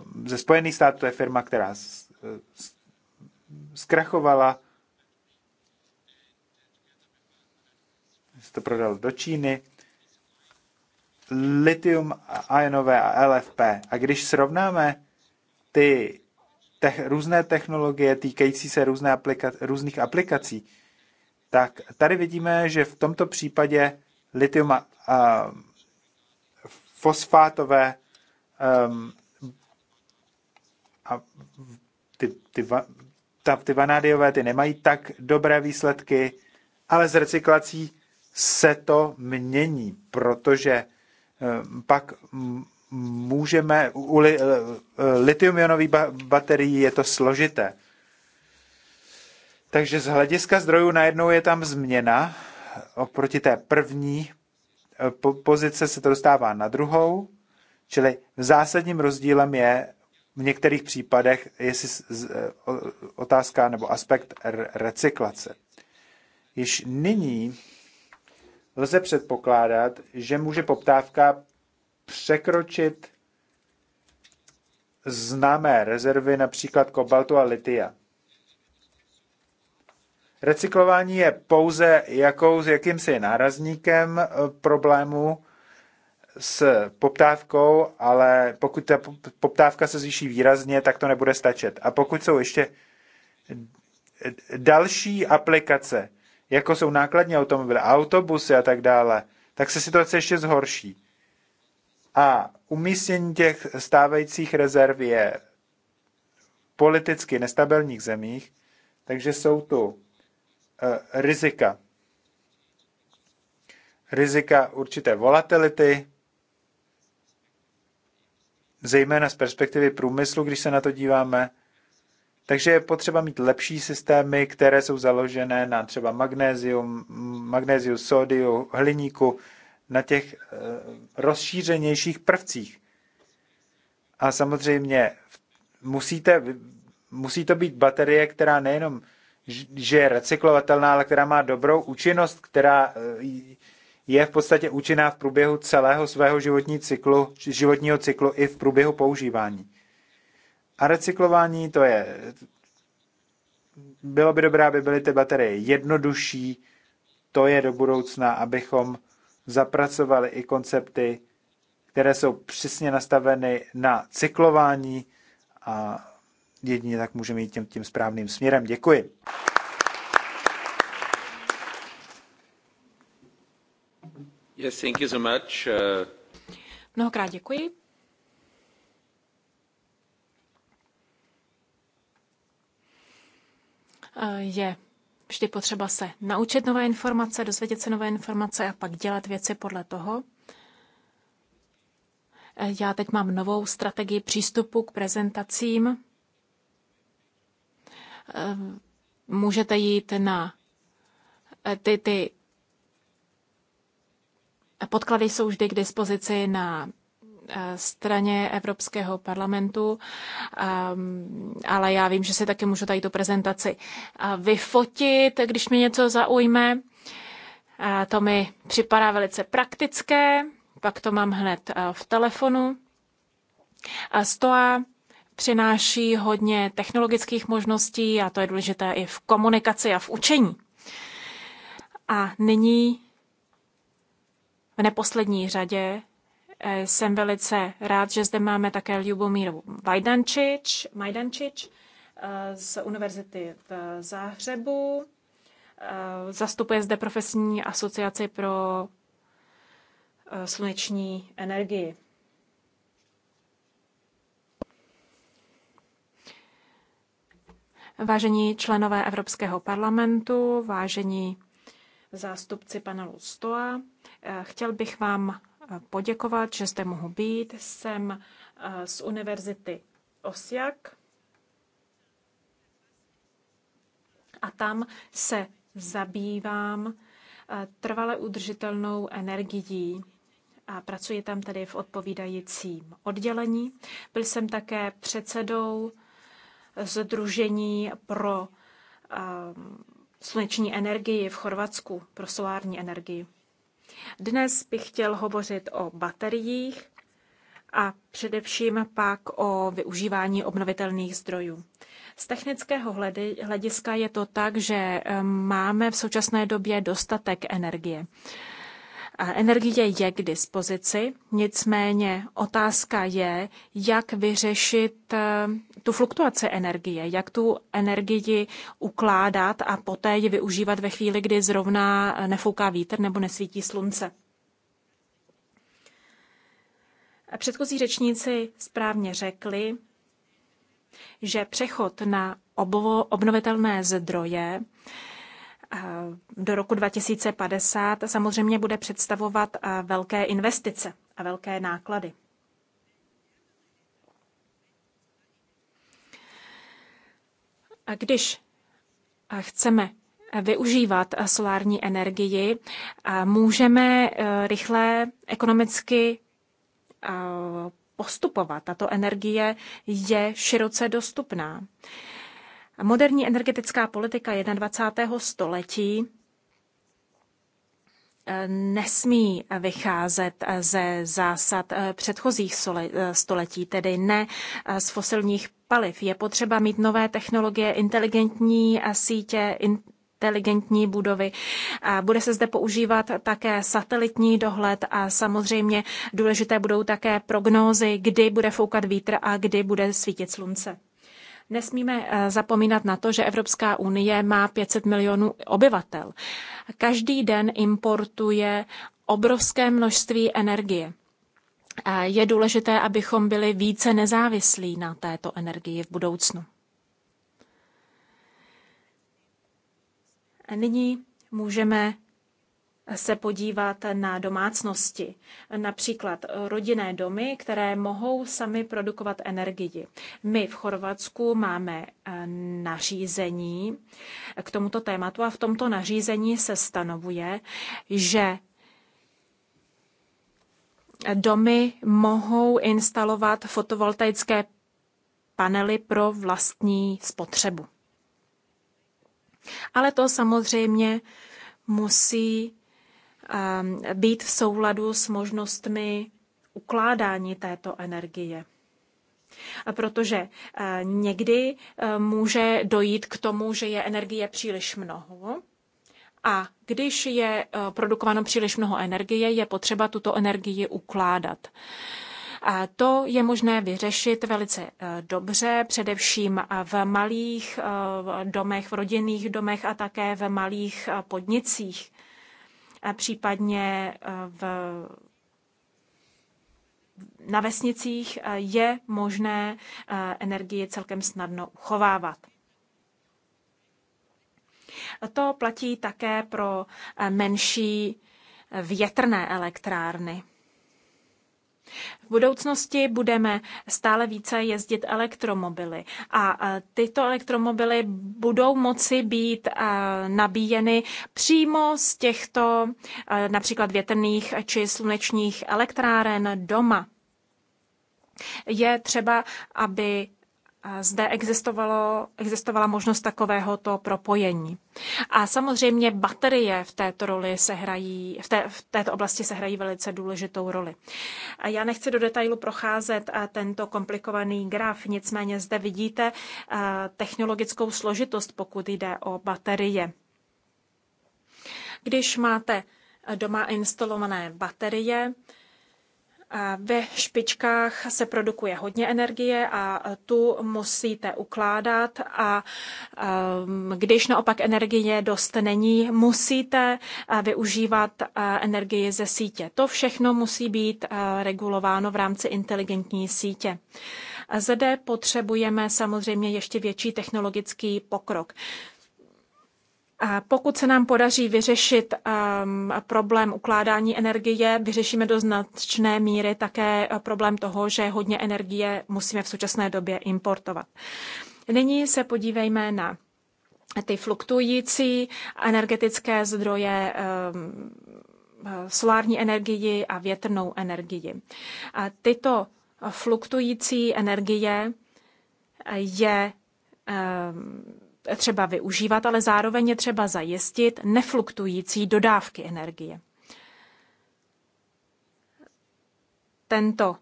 uh, ze Spojených států, to je firma, která zkrachovala, se to prodal do Číny litium ionové a LFP. A když srovnáme ty te- různé technologie týkající se různé aplika- různých aplikací, tak tady vidíme, že v tomto případě litium a, a, fosfátové um, a ty, ty, va, ta, ty vanádiové ty nemají tak dobré výsledky, ale z recyklací se to mění, protože Eh, pak můžeme, u li, eh, eh, litium baterií je to složité. Takže z hlediska zdrojů najednou je tam změna oproti té první pozice se to dostává na druhou, čili zásadním rozdílem je v některých případech jestli otázka nebo aspekt recyklace. Již nyní lze předpokládat, že může poptávka překročit známé rezervy, například kobaltu a litia. Recyklování je pouze jakou, jakýmsi nárazníkem eh, problému s poptávkou, ale pokud ta poptávka se zvýší výrazně, tak to nebude stačit. A pokud jsou ještě další aplikace, jako jsou nákladní automobily, autobusy a tak dále, tak se situace ještě zhorší. A umístění těch stávajících rezerv je politicky nestabilních zemích, takže jsou tu uh, rizika. Rizika určité volatility, zejména z perspektivy průmyslu, když se na to díváme, takže je potřeba mít lepší systémy, které jsou založené na třeba magnézium, magnéziu, sódiu, hliníku, na těch eh, rozšířenějších prvcích. A samozřejmě musíte, musí to být baterie, která nejenom, že je recyklovatelná, ale která má dobrou účinnost, která eh, je v podstatě účinná v průběhu celého svého životní cyklu, životního cyklu i v průběhu používání. A recyklování to je... Bylo by dobré, aby byly ty baterie jednodušší, to je do budoucna, abychom zapracovali i koncepty, které jsou přesně nastaveny na cyklování a jedině tak můžeme jít tím, tím správným směrem. Děkuji. Yes, thank you so much. Uh, Mnohokrát děkuji. je vždy potřeba se naučit nové informace, dozvědět se nové informace a pak dělat věci podle toho. E, já teď mám novou strategii přístupu k prezentacím. E, můžete jít na e, ty, ty podklady jsou vždy k dispozici na Eh, straně Evropského parlamentu, ehm, ale já vím, že si taky můžu tady tu prezentaci eh, vyfotit, když mi něco zaujme. Eh, to mi připadá velice praktické, pak to mám hned v telefonu. A stoa přináší hodně technologických možností a to je důležité i v komunikaci a v učení. A nyní v neposlední řadě Eh, jsem velice rád, že zde máme také Ljubomíru Vajdančič, Majdančič eh, z Univerzity v Záhřebu. Eh, zastupuje zde profesní asociaci pro sluneční energii. Vážení členové Evropského parlamentu, vážení zástupci panelu STOA, chtěl bych vám poděkovat, že jste mohu být. Jsem eh, z univerzity Osijak a tam se zabývám eh, trvale udržitelnou energií a pracuji tam tedy v odpovídajícím oddělení. Byl jsem také předsedou Združení pro eh, sluneční energii v Chorvatsku, pro solární energii. Dnes bych chtěl hovořit o bateriích a především pak o využívání obnovitelných zdrojů. Z technického hlediska je to tak, že eh, máme v současné době dostatek energie. Energie je k dispozici, nicméně otázka je, jak vyřešit eh, tu fluktuaci energie, jak tu energii ukládat a poté ji využívat ve chvíli, kdy zrovna nefouká vítr nebo nesvítí slunce. Předchozí řečníci správně řekli, že přechod na obnovitelné zdroje do roku 2050 samozřejmě bude představovat velké investice a velké náklady. A když chceme využívat solární energii, můžeme e, rychle ekonomicky postupovat. Tato energie je široce dostupná. Moderní energetická politika 21. století eh, nesmí vycházet eh, ze zásad eh, předchozích století, tedy ne z fosilních paliv. Je potřeba mít nové technologie, inteligentní sítě, inteligentní budovy. Bude se zde používat také satelitní dohled a samozřejmě důležité budou také prognózy, kdy bude foukat vítr a kdy bude svítit slunce. Nesmíme eh, zapomínat na to, že Evropská unie má 500 milionů obyvatel. Každý den importuje obrovské množství energie. Je důležité, abychom byli více nezávislí na této energii v budoucnu. Nyní můžeme se podívat na domácnosti, například rodinné domy, které mohou sami produkovat energii. My v Chorvatsku máme eh, nařízení k tomuto tématu a v tomto nařízení se stanovuje, že domy mohou instalovat fotovoltaické panely pro vlastní spotřebu. Ale to samozřejmě musí Ehm, být v souladu s možnostmi ukládání této energie. Protože eh, někdy eh, může dojít k tomu, že je energie příliš mnoho. A když je eh, produkováno příliš mnoho energie, je potřeba tuto energii ukládat. A to je možné vyřešit velice dobře, především v malých domech, v rodinných domech a také v malých podnicích případně eh, v, na vesnicích eh, je možné eh, energii celkem snadno uchovávat. To platí také pro menší větrné elektrárny. V budoucnosti budeme stále více jezdit elektromobily a e, tyto elektromobily budou moci být e, nabíjeny přímo z těchto e, například větrných či slunečních elektráren doma. Je třeba, aby zde existovalo, existovala možnost takovéhoto propojení. A samozřejmě baterie v této roli hrají, v, té, v této oblasti se hrají velice důležitou roli. A já nechci do detailu procházet eh, tento komplikovaný graf, nicméně zde vidíte eh, technologickou složitost, pokud jde o baterie. Když máte eh, doma instalované baterie, ve špičkách se produkuje hodně energie a tu musíte ukládat a ehm, když naopak energie dost není, musíte eh, využívat eh, energii ze sítě. To všechno musí být eh, regulováno v rámci inteligentní sítě. Zde potřebujeme samozřejmě ještě větší technologický pokrok. Pokud se nám podaří vyřešit um, problém ukládání energie, vyřešíme do značné míry také eh, problém toho, že hodně energie musíme v současné době importovat. Nyní se podívejme na ty fluktující energetické zdroje, um, eh, solární energii a větrnou energii. A tyto fluktující energie je um, třeba využívat, ale zároveň je třeba zajistit nefluktující dodávky energie. Tento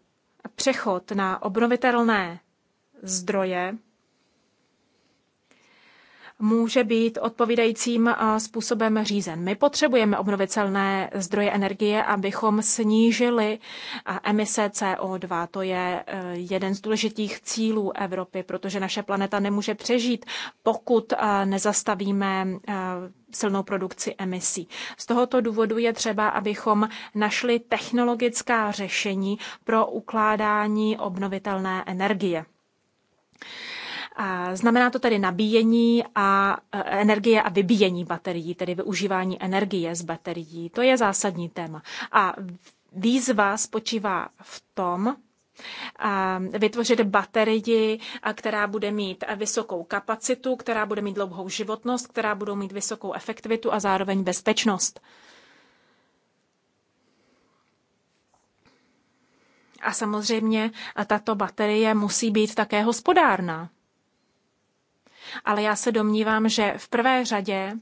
přechod na obnovitelné zdroje může být odpovídajícím způsobem řízen. My potřebujeme obnovitelné zdroje energie, abychom snížili emise CO2. To je e, jeden z důležitých cílů Evropy, protože naše planeta nemůže přežít, pokud e, nezastavíme e, silnou produkci emisí. Z tohoto důvodu je třeba, abychom našli technologická řešení pro ukládání obnovitelné energie. Znamená to tedy nabíjení a e, energie a vybíjení baterií, tedy využívání energie z baterií. To je zásadní téma. A výzva spočívá v tom, vytvořit baterii, která bude mít vysokou kapacitu, která bude mít dlouhou životnost, která budou mít vysokou efektivitu a zároveň bezpečnost. A samozřejmě tato baterie musí být také hospodárná ale já se domnívám, že v prvé řadě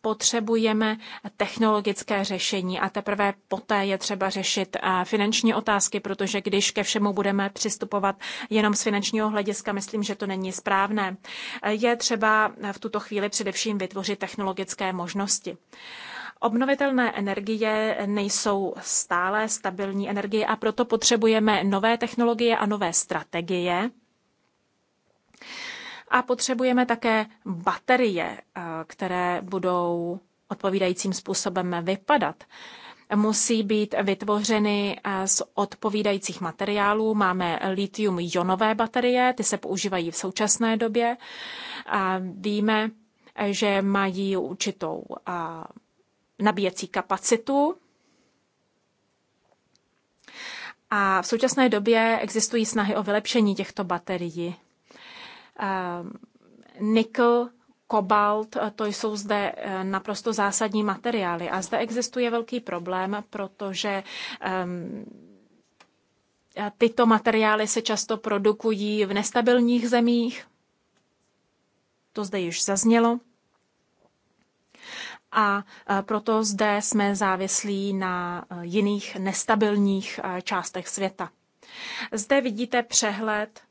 potřebujeme technologické řešení a teprve poté je třeba řešit eh, finanční otázky, protože když ke všemu budeme přistupovat jenom z finančního hlediska, myslím, že to není správné. Eh, je třeba eh, v tuto chvíli především vytvořit technologické možnosti. Obnovitelné energie nejsou stále stabilní energie a proto potřebujeme nové technologie a nové strategie a potřebujeme také baterie, eh, které budou odpovídajícím způsobem vypadat. Musí být vytvořeny eh, z odpovídajících materiálů. Máme litium-ionové baterie, ty se používají v současné době. A víme, že mají určitou eh, nabíjecí kapacitu. A v současné době existují snahy o vylepšení těchto baterií. Ehm, nikl, kobalt, eh, to jsou zde eh, naprosto zásadní materiály. A zde existuje velký problém, protože ehm, tyto materiály se často produkují v nestabilních zemích. To zde již zaznělo. A eh, proto zde jsme závislí na jiných nestabilních částech světa. Zde vidíte přehled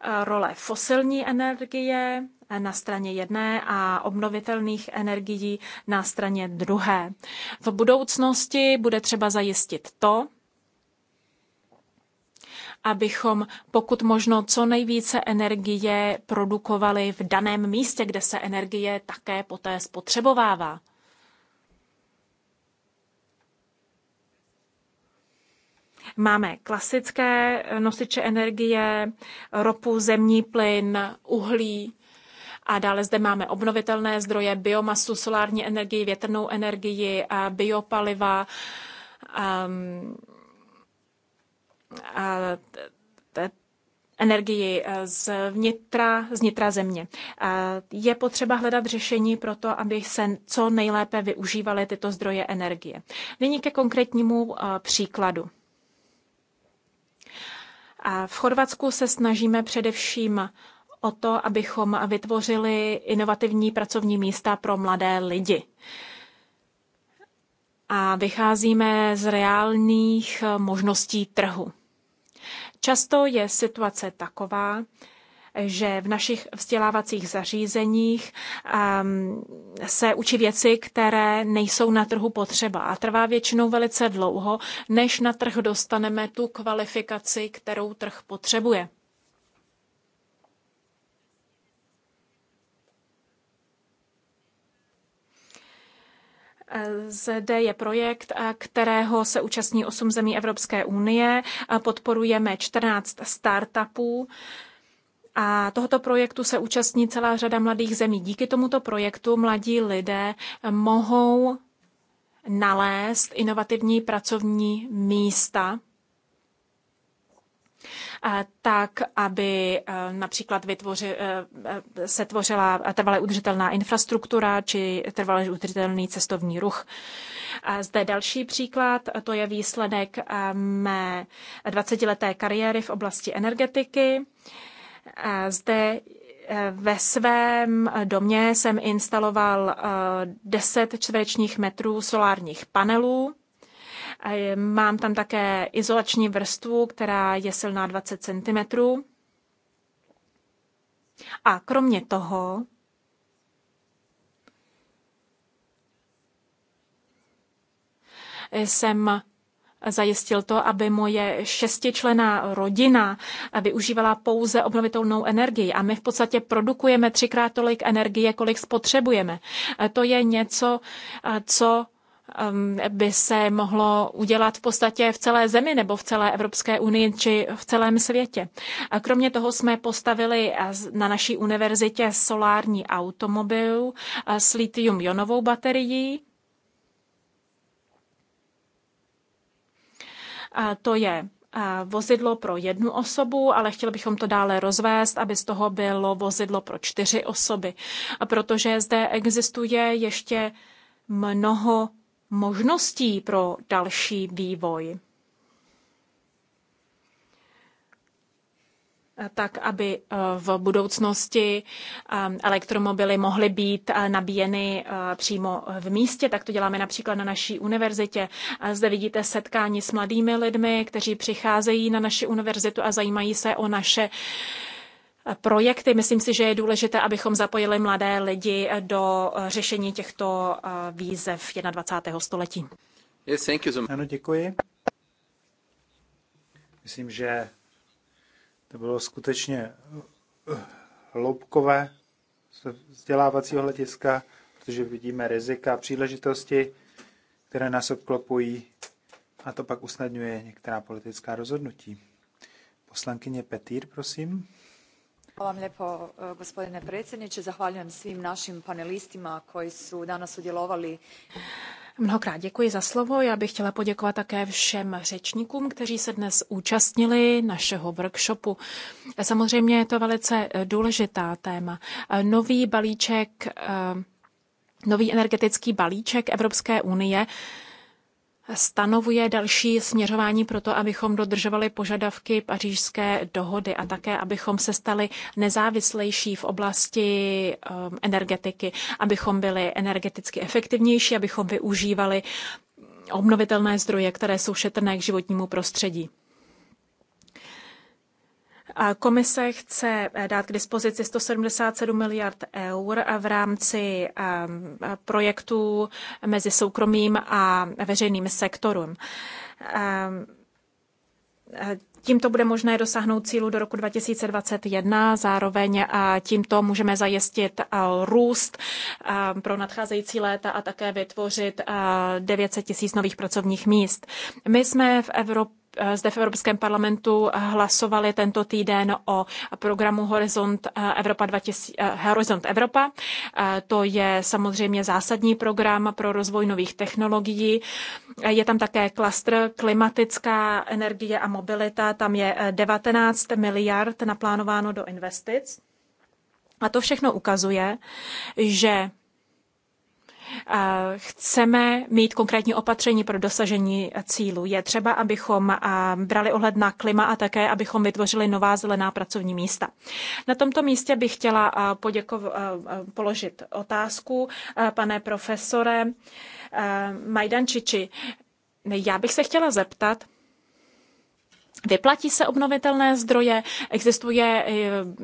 Eh, role fosilní energie na straně jedné a obnovitelných energií na straně druhé. V budoucnosti bude třeba zajistit to, abychom pokud možno co nejvíce energie produkovali v daném místě, kde se energie také poté spotřebovává. Máme klasické nosiče energie, ropu, zemní plyn, uhlí, a dále zde máme obnovitelné zdroje, biomasu, solární energii, větrnou energii, a biopaliva, um, a energii z vnitra, z vnitra země. Je potřeba hledat řešení pro to, aby se co nejlépe využívaly tyto zdroje energie. Nyní ke konkrétnímu eh, příkladu. A v Chorvatsku se snažíme především o to, abychom vytvořili inovativní pracovní místa pro mladé lidi. A vycházíme z reálných možností trhu. Často je situace taková, že v našich vzdělávacích zařízeních ehm, se učí věci, které nejsou na trhu potřeba a trvá většinou velice dlouho, než na trh dostaneme tu kvalifikaci, kterou trh potřebuje. Zde je projekt, kterého se účastní 8 zemí Evropské unie. Podporujeme 14 startupů a tohoto projektu se účastní celá řada mladých zemí. Díky tomuto projektu mladí lidé mohou nalézt inovativní pracovní místa, tak, aby e, například vytvoři, e, e, se tvořila trvale udržitelná infrastruktura či trvale udržitelný cestovní ruch. Zde další příklad, to je výsledek mé 20-leté kariéry v oblasti energetiky. Zde eh, ve svém domě jsem instaloval 10 eh, čtverečních metrů solárních panelů. Mám tam také izolační vrstvu, která je silná 20 cm. A kromě toho jsem zajistil to, aby moje šestičlená rodina využívala pouze obnovitelnou energii a my v podstatě produkujeme třikrát tolik energie, kolik spotřebujeme. To je něco, co um, by se mohlo udělat v podstatě v celé zemi nebo v celé Evropské unii či v celém světě. A kromě toho jsme postavili na naší univerzitě solární automobil s litium-ionovou baterií To je vozidlo pro jednu osobu, ale chtěli bychom to dále rozvést, aby z toho bylo vozidlo pro čtyři osoby, protože zde existuje ještě mnoho možností pro další vývoj. tak aby eh, v budoucnosti eh, elektromobily mohly být eh, nabíjeny přímo v místě. Tak to děláme například na naší univerzitě. Zde vidíte setkání s mladými lidmi, kteří přicházejí na naši univerzitu a zajímají se o naše projekty. Myslím si, že je důležité, abychom zapojili mladé lidi do řešení těchto výzev 21. století. Yes, thank you so much. Ano, děkuji. Myslím, že to bylo skutečně eh, hloubkové z vzdělávacího hlediska, protože vidíme rizika a příležitosti, které nás obklopují a to pak usnadňuje některá politická rozhodnutí. Poslankyně Petýr, prosím. Hvala lepo, lijepo eh, gospodine predsjedniče. Zahvaljujem svim našim panelistima koji su danas udjelovali Mnohokrát děkuji za slovo. Já bych chtěla poděkovat také všem řečníkům, kteří se dnes účastnili našeho workshopu. Samozřejmě je to velice eh, důležitá téma. Eh, nový balíček, eh, nový energetický balíček Evropské unie stanovuje další směřování pro to, abychom dodržovali požadavky pařížské dohody a také, abychom se stali nezávislejší v oblasti um, energetiky, abychom byli energeticky efektivnější, abychom využívali obnovitelné zdroje, které jsou šetrné k životnímu prostředí. Komise chce eh, dát k dispozici 177 miliard eur v rámci ehm, projektů mezi soukromým a veřejným sektorem. Ehm, eh, tímto bude možné dosáhnout cílu do roku 2021, zároveň a tímto můžeme zajistit eh, růst ehm, pro nadcházející léta a také vytvořit 900 tisíc nových pracovních míst. My jsme v Evropě Eh, zde v Evropském parlamentu eh, hlasovali tento týden o programu Horizont eh, Evropa, 2000, Horizont Evropa. To je samozřejmě zásadní program pro rozvoj nových technologií. Je tam také klastr klimatická energie a mobilita. Tam je 19 miliard naplánováno do investic. A to všechno ukazuje, že chceme mít konkrétní opatření pro dosažení cílu. Je třeba, abychom brali ohled na klima a také, abychom vytvořili nová zelená pracovní místa. Na tomto místě bych chtěla poděko- položit otázku, pane profesore Majdančiči. Já bych se chtěla zeptat, Vyplatí se obnovitelné zdroje, existuje eh,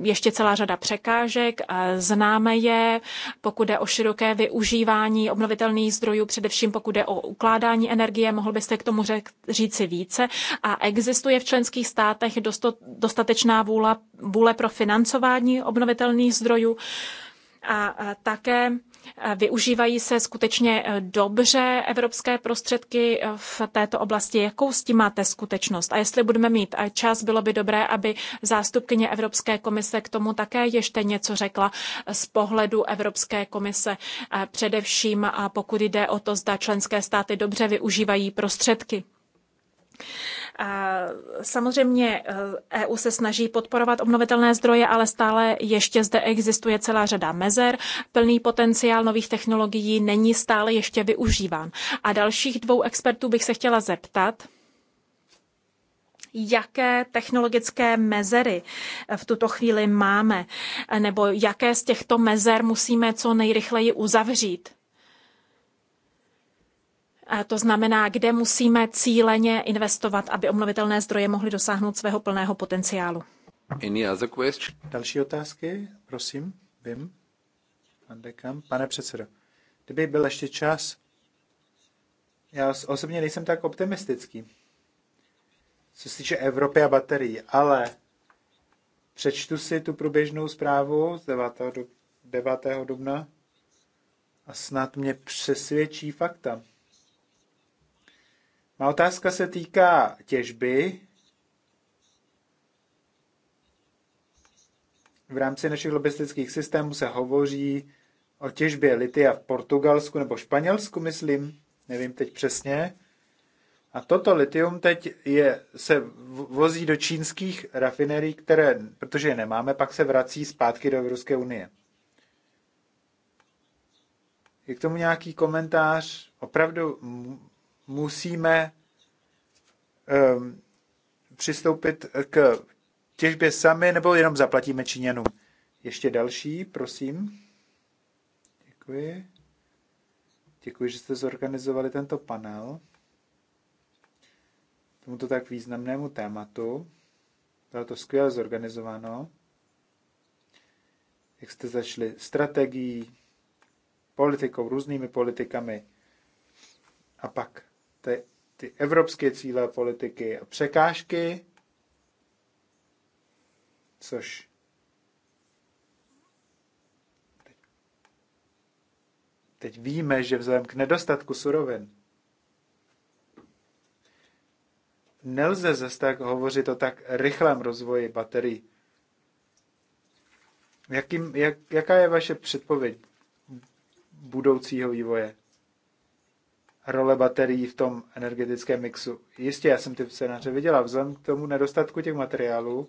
ještě celá řada překážek, eh, známe je, pokud jde o široké využívání obnovitelných zdrojů, především pokud jde o ukládání energie, mohl byste k tomu řek, říci více. A existuje v členských státech dosto, dostatečná vůle, vůle pro financování obnovitelných zdrojů a také Využívají se skutečně eh, dobře evropské prostředky eh, v této oblasti? Jakou s tím máte skutečnost? A jestli budeme mít eh, čas, bylo by dobré, aby zástupkyně Evropské komise k tomu také ještě něco řekla z pohledu Evropské komise, především pokud jde o to, zda členské státy dobře využívají prostředky. Samozřejmě EU eh, e se snaží podporovat obnovitelné zdroje, ale stále ještě zde existuje celá řada mezer. Plný potenciál nových technologií není stále ještě využíván. A dalších dvou expertů bych se chtěla zeptat, jaké technologické mezery eh, v tuto chvíli máme, eh, nebo jaké z těchto mezer musíme co nejrychleji uzavřít to znamená, kde musíme cíleně investovat, aby obnovitelné zdroje mohly dosáhnout svého plného potenciálu. Any other question? Další otázky, prosím, vím. Pan pane předsedo, kdyby byl ještě čas, já osobně nejsem tak optimistický, co se týče Evropy a baterií, ale přečtu si tu průběžnou zprávu z 9. 9. dubna a snad mě přesvědčí fakta. Má otázka se týká těžby V rámci našich lobistických systémů se hovoří o těžbě litia v Portugalsku nebo Španělsku, myslím, nevím teď přesně. A toto litium teď je, se vozí do čínských rafinerií, které, protože je nemáme, pak se vrací zpátky do Evropské unie. Je k tomu nějaký komentář? Opravdu musíme um, přistoupit k těžbě sami, nebo jenom zaplatíme Číňanům? Ještě další, prosím. Děkuji. Děkuji, že jste zorganizovali tento panel tomuto tak významnému tématu. Bylo to skvěle zorganizováno. Jak jste začali strategií, politikou, různými politikami a pak ty, ty evropské cíle politiky a překážky, což teď víme, že vzhledem k nedostatku surovin nelze zase tak hovořit o tak rychlém rozvoji baterií. Jaký jak, jaká je vaše předpověď budoucího vývoje? role baterií v tom energetickém mixu. Jistě, já jsem ty scénáře viděla. Vzhledem k tomu nedostatku těch materiálů,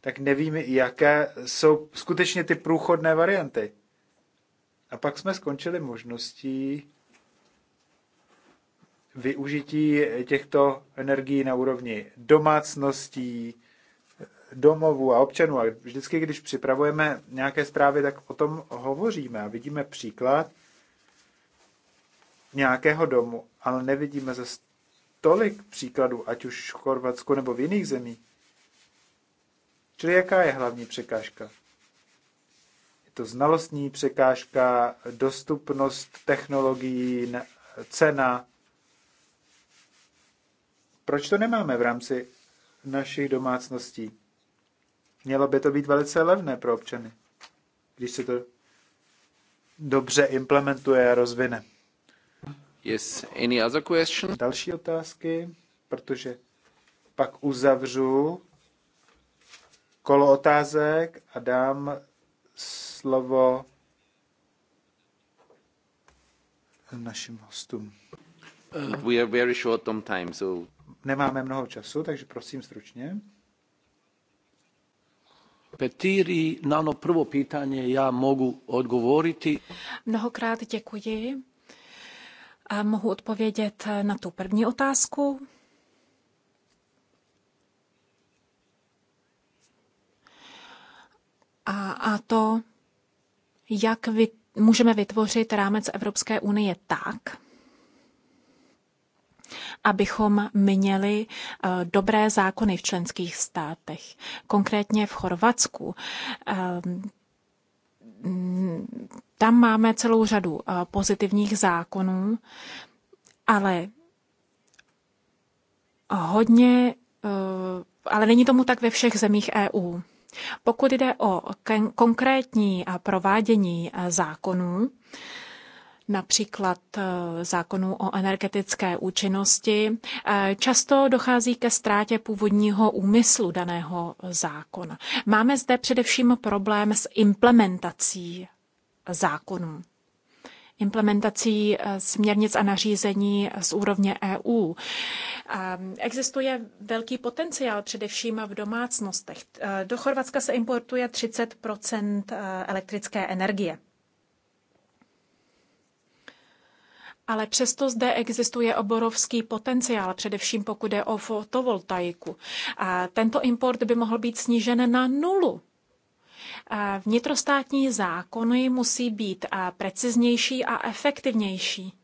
tak nevím, jaké jsou skutečně ty průchodné varianty. A pak jsme skončili možností využití těchto energií na úrovni domácností, domovů a občanů. A vždycky, když připravujeme nějaké zprávy, tak o tom hovoříme a vidíme příklad nějakého domu, ale nevidíme ze tolik příkladů, ať už v Chorvatsku nebo v jiných zemích. Čili jaká je hlavní překážka? Je to znalostní překážka, dostupnost technologií, cena. Proč to nemáme v rámci našich domácností? Mělo by to být velice levné pro občany, když se to dobře implementuje a rozvine. Yes, any other question? Další otázky, protože pak uzavřu kolo otázek a dám slovo našim hostům. Uh, we are very short on time, so... Nemáme mnoho času, takže prosím stručně. Petiri, na ono prvo pitanje ja mogu odgovoriti. Mnohokrát děkuji. A mohu odpovědět eh, na tu první otázku. A, a to, jak vy, můžeme vytvořit rámec Evropské unie tak, abychom měli eh, dobré zákony v členských státech. Konkrétně v Chorvatsku eh, tam máme celou řadu eh, pozitivních zákonů, ale hodně, eh, ale není tomu tak ve všech zemích EU. Pokud jde o konkrétní eh, provádění zákonů, například eh, zákonu o energetické účinnosti, eh, často dochází ke ztrátě původního úmyslu daného zákona. Máme zde především problém s implementací zákonů implementací eh, směrnic a nařízení z úrovně EU. Existuje velký potenciál především v domácnostech. Do Chorvatska se importuje 30 elektrické energie. ale přesto zde existuje oborovský potenciál, především pokud je o fotovoltaiku. A tento import by mohl být snížen na nulu. Vnitrostátní zákony musí být preciznější a efektivnější.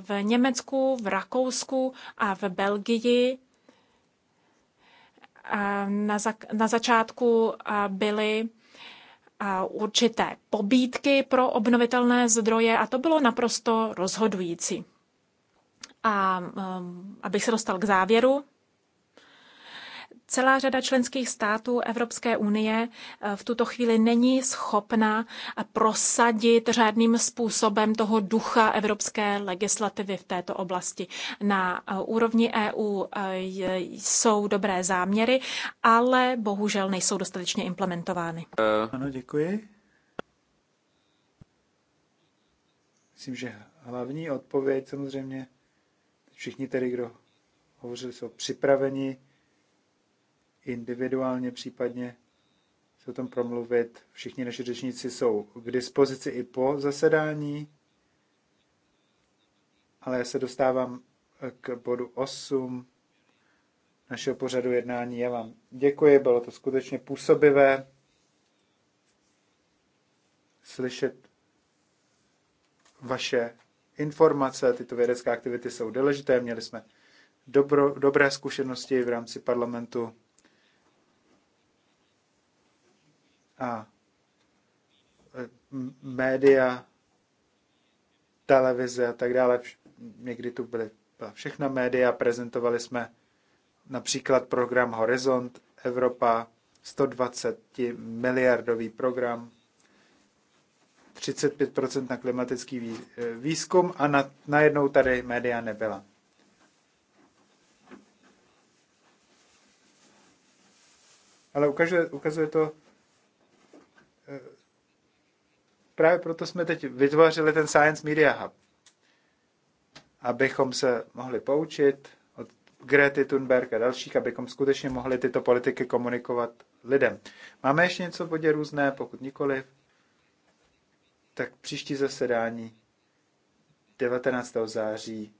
V Německu, v Rakousku a v Belgii na, za, na začátku byly určité pobídky pro obnovitelné zdroje a to bylo naprosto rozhodující. A um, abych se dostal k závěru, Celá řada členských států Evropské unie eh, v tuto chvíli není schopna eh, prosadit řádným způsobem toho ducha evropské legislativy v této oblasti. Na eh, úrovni EU jsou dobré záměry, ale bohužel nejsou dostatečně implementovány. Ano, děkuji. Myslím, že hlavní odpověď samozřejmě všichni tedy, kdo hovořili, jsou připraveni individuálně případně se o tom promluvit. Všichni naši řečníci jsou k dispozici i po zasedání, ale já se dostávám eh, k bodu 8 našeho pořadu jednání. Já vám děkuji, bylo to skutečně působivé slyšet vaše informace, tyto vědecké aktivity jsou důležité, měli jsme dobro, dobré zkušenosti v rámci parlamentu a e, média, televize a tak dále. Někdy tu byly, byla všechna média, prezentovali jsme například program Horizont Evropa, 120 miliardový program, 35% na klimatický e, výzkum a na, najednou tady média nebyla. Ale ukazuje, ukazuje to právě proto jsme teď vytvořili ten Science Media Hub, abychom se mohli poučit od Grety Thunberg a dalších, abychom skutečně mohli tyto politiky komunikovat lidem. Máme ještě něco v bodě různé, pokud nikoliv, tak příští zasedání 19. září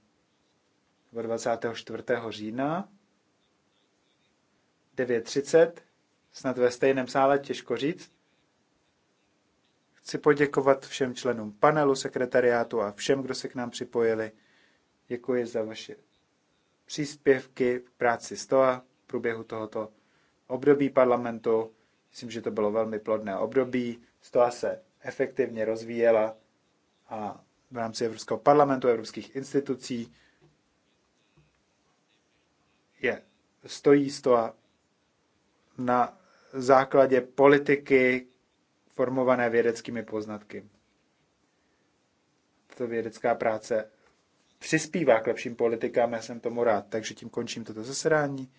nebo 24. října 9.30, snad ve stejném sále, těžko říct. Chci poděkovat všem členům panelu, sekretariátu a všem, kdo se k nám připojili. Děkuji za vaše příspěvky v práci STOA v průběhu tohoto období parlamentu. Myslím, že to bylo velmi plodné období. STOA se efektivně rozvíjela a v rámci Evropského parlamentu, evropských institucí je, stojí STOA na základě politiky, formované vědeckými poznatky. To vědecká práce přispívá k lepším politikám, já jsem tomu rád. Takže tím končím toto zasedání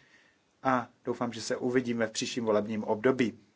a doufám, že se uvidíme v příštím volebním období.